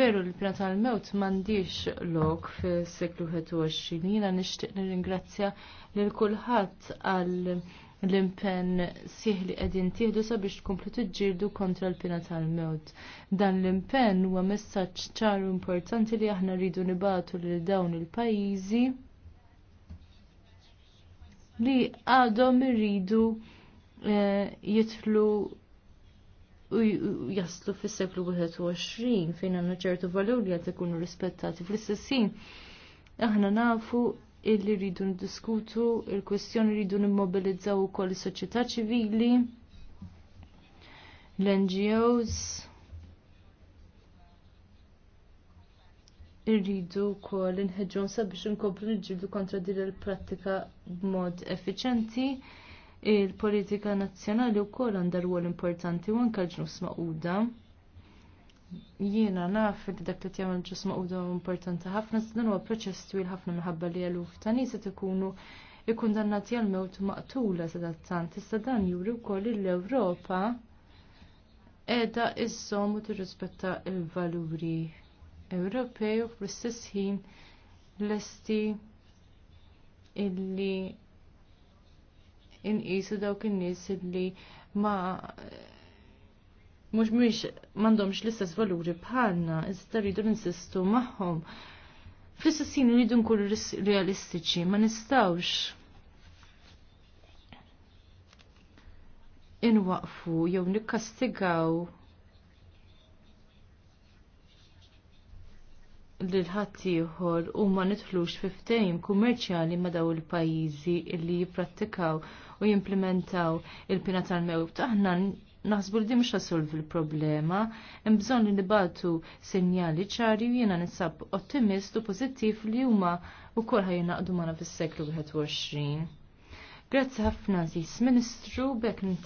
veru l-pina tal-mewt mandiġ lok fil-seklu 21. Jina nishtiq nir-ingrazzja l-kulħat għal l-impenn sieħ li qegħdin tieħdu sabiex tkomplu tiġġieldu kontra l-pina tal-mewt. Dan l-impenn huwa messaġġ ċaru importanti li aħna rridu nibatu lil dawn il-pajjiżi li għadhom irridu eh, jitlu u jaslu fis-seklu 21 fejn għandna ċertu valur li qed ikunu rispettati fl-istessin aħna nafu illi rridu diskutu il-kwestjoni rridu nimmobilizzaw ukoll is-soċjetà ċivili, l-NGOs, irridu wkoll inħeġġhom sabiex inkomplu niġġieldu kontra din il-prattika b'mod effiċenti. Il-politika nazzjonali wkoll għandha rwol importanti u anke l-ġnus maquda jiena naf li dak li tjamel ġus maqda importanti ħafna, dan huwa proċess twil ħafna minħabba li eluf ta' nies qed ikunu ikkundannati għal mewt maqtula t-tant. Issa dan juri wkoll l-Ewropa qiegħda issom u tirrispetta l-valuri Ewropej u fl-istess ħin lesti illi inqisu dawk in-nies illi ma mux mux mandomx l-istess valuri bħalna, iżda rridu ninsistu maħħom. Fl-istessin rridu nkunu realistiċi, ma nistawx inwaqfu jew nikkastigaw l ħattijħor u ma nidħlux fi kummerċjali ma daw il-pajjiżi li jipprattikaw u jimplementaw il-pina tal-mewt aħna naħsbu li dimx solvi l-problema, imbżon li nibatu sinjali ċari u jena nisab ottimist u pozittiv li huma u jena ħajnaqdu mana fis-seklu 21. Grazzi ħafna zis Ministru, bekk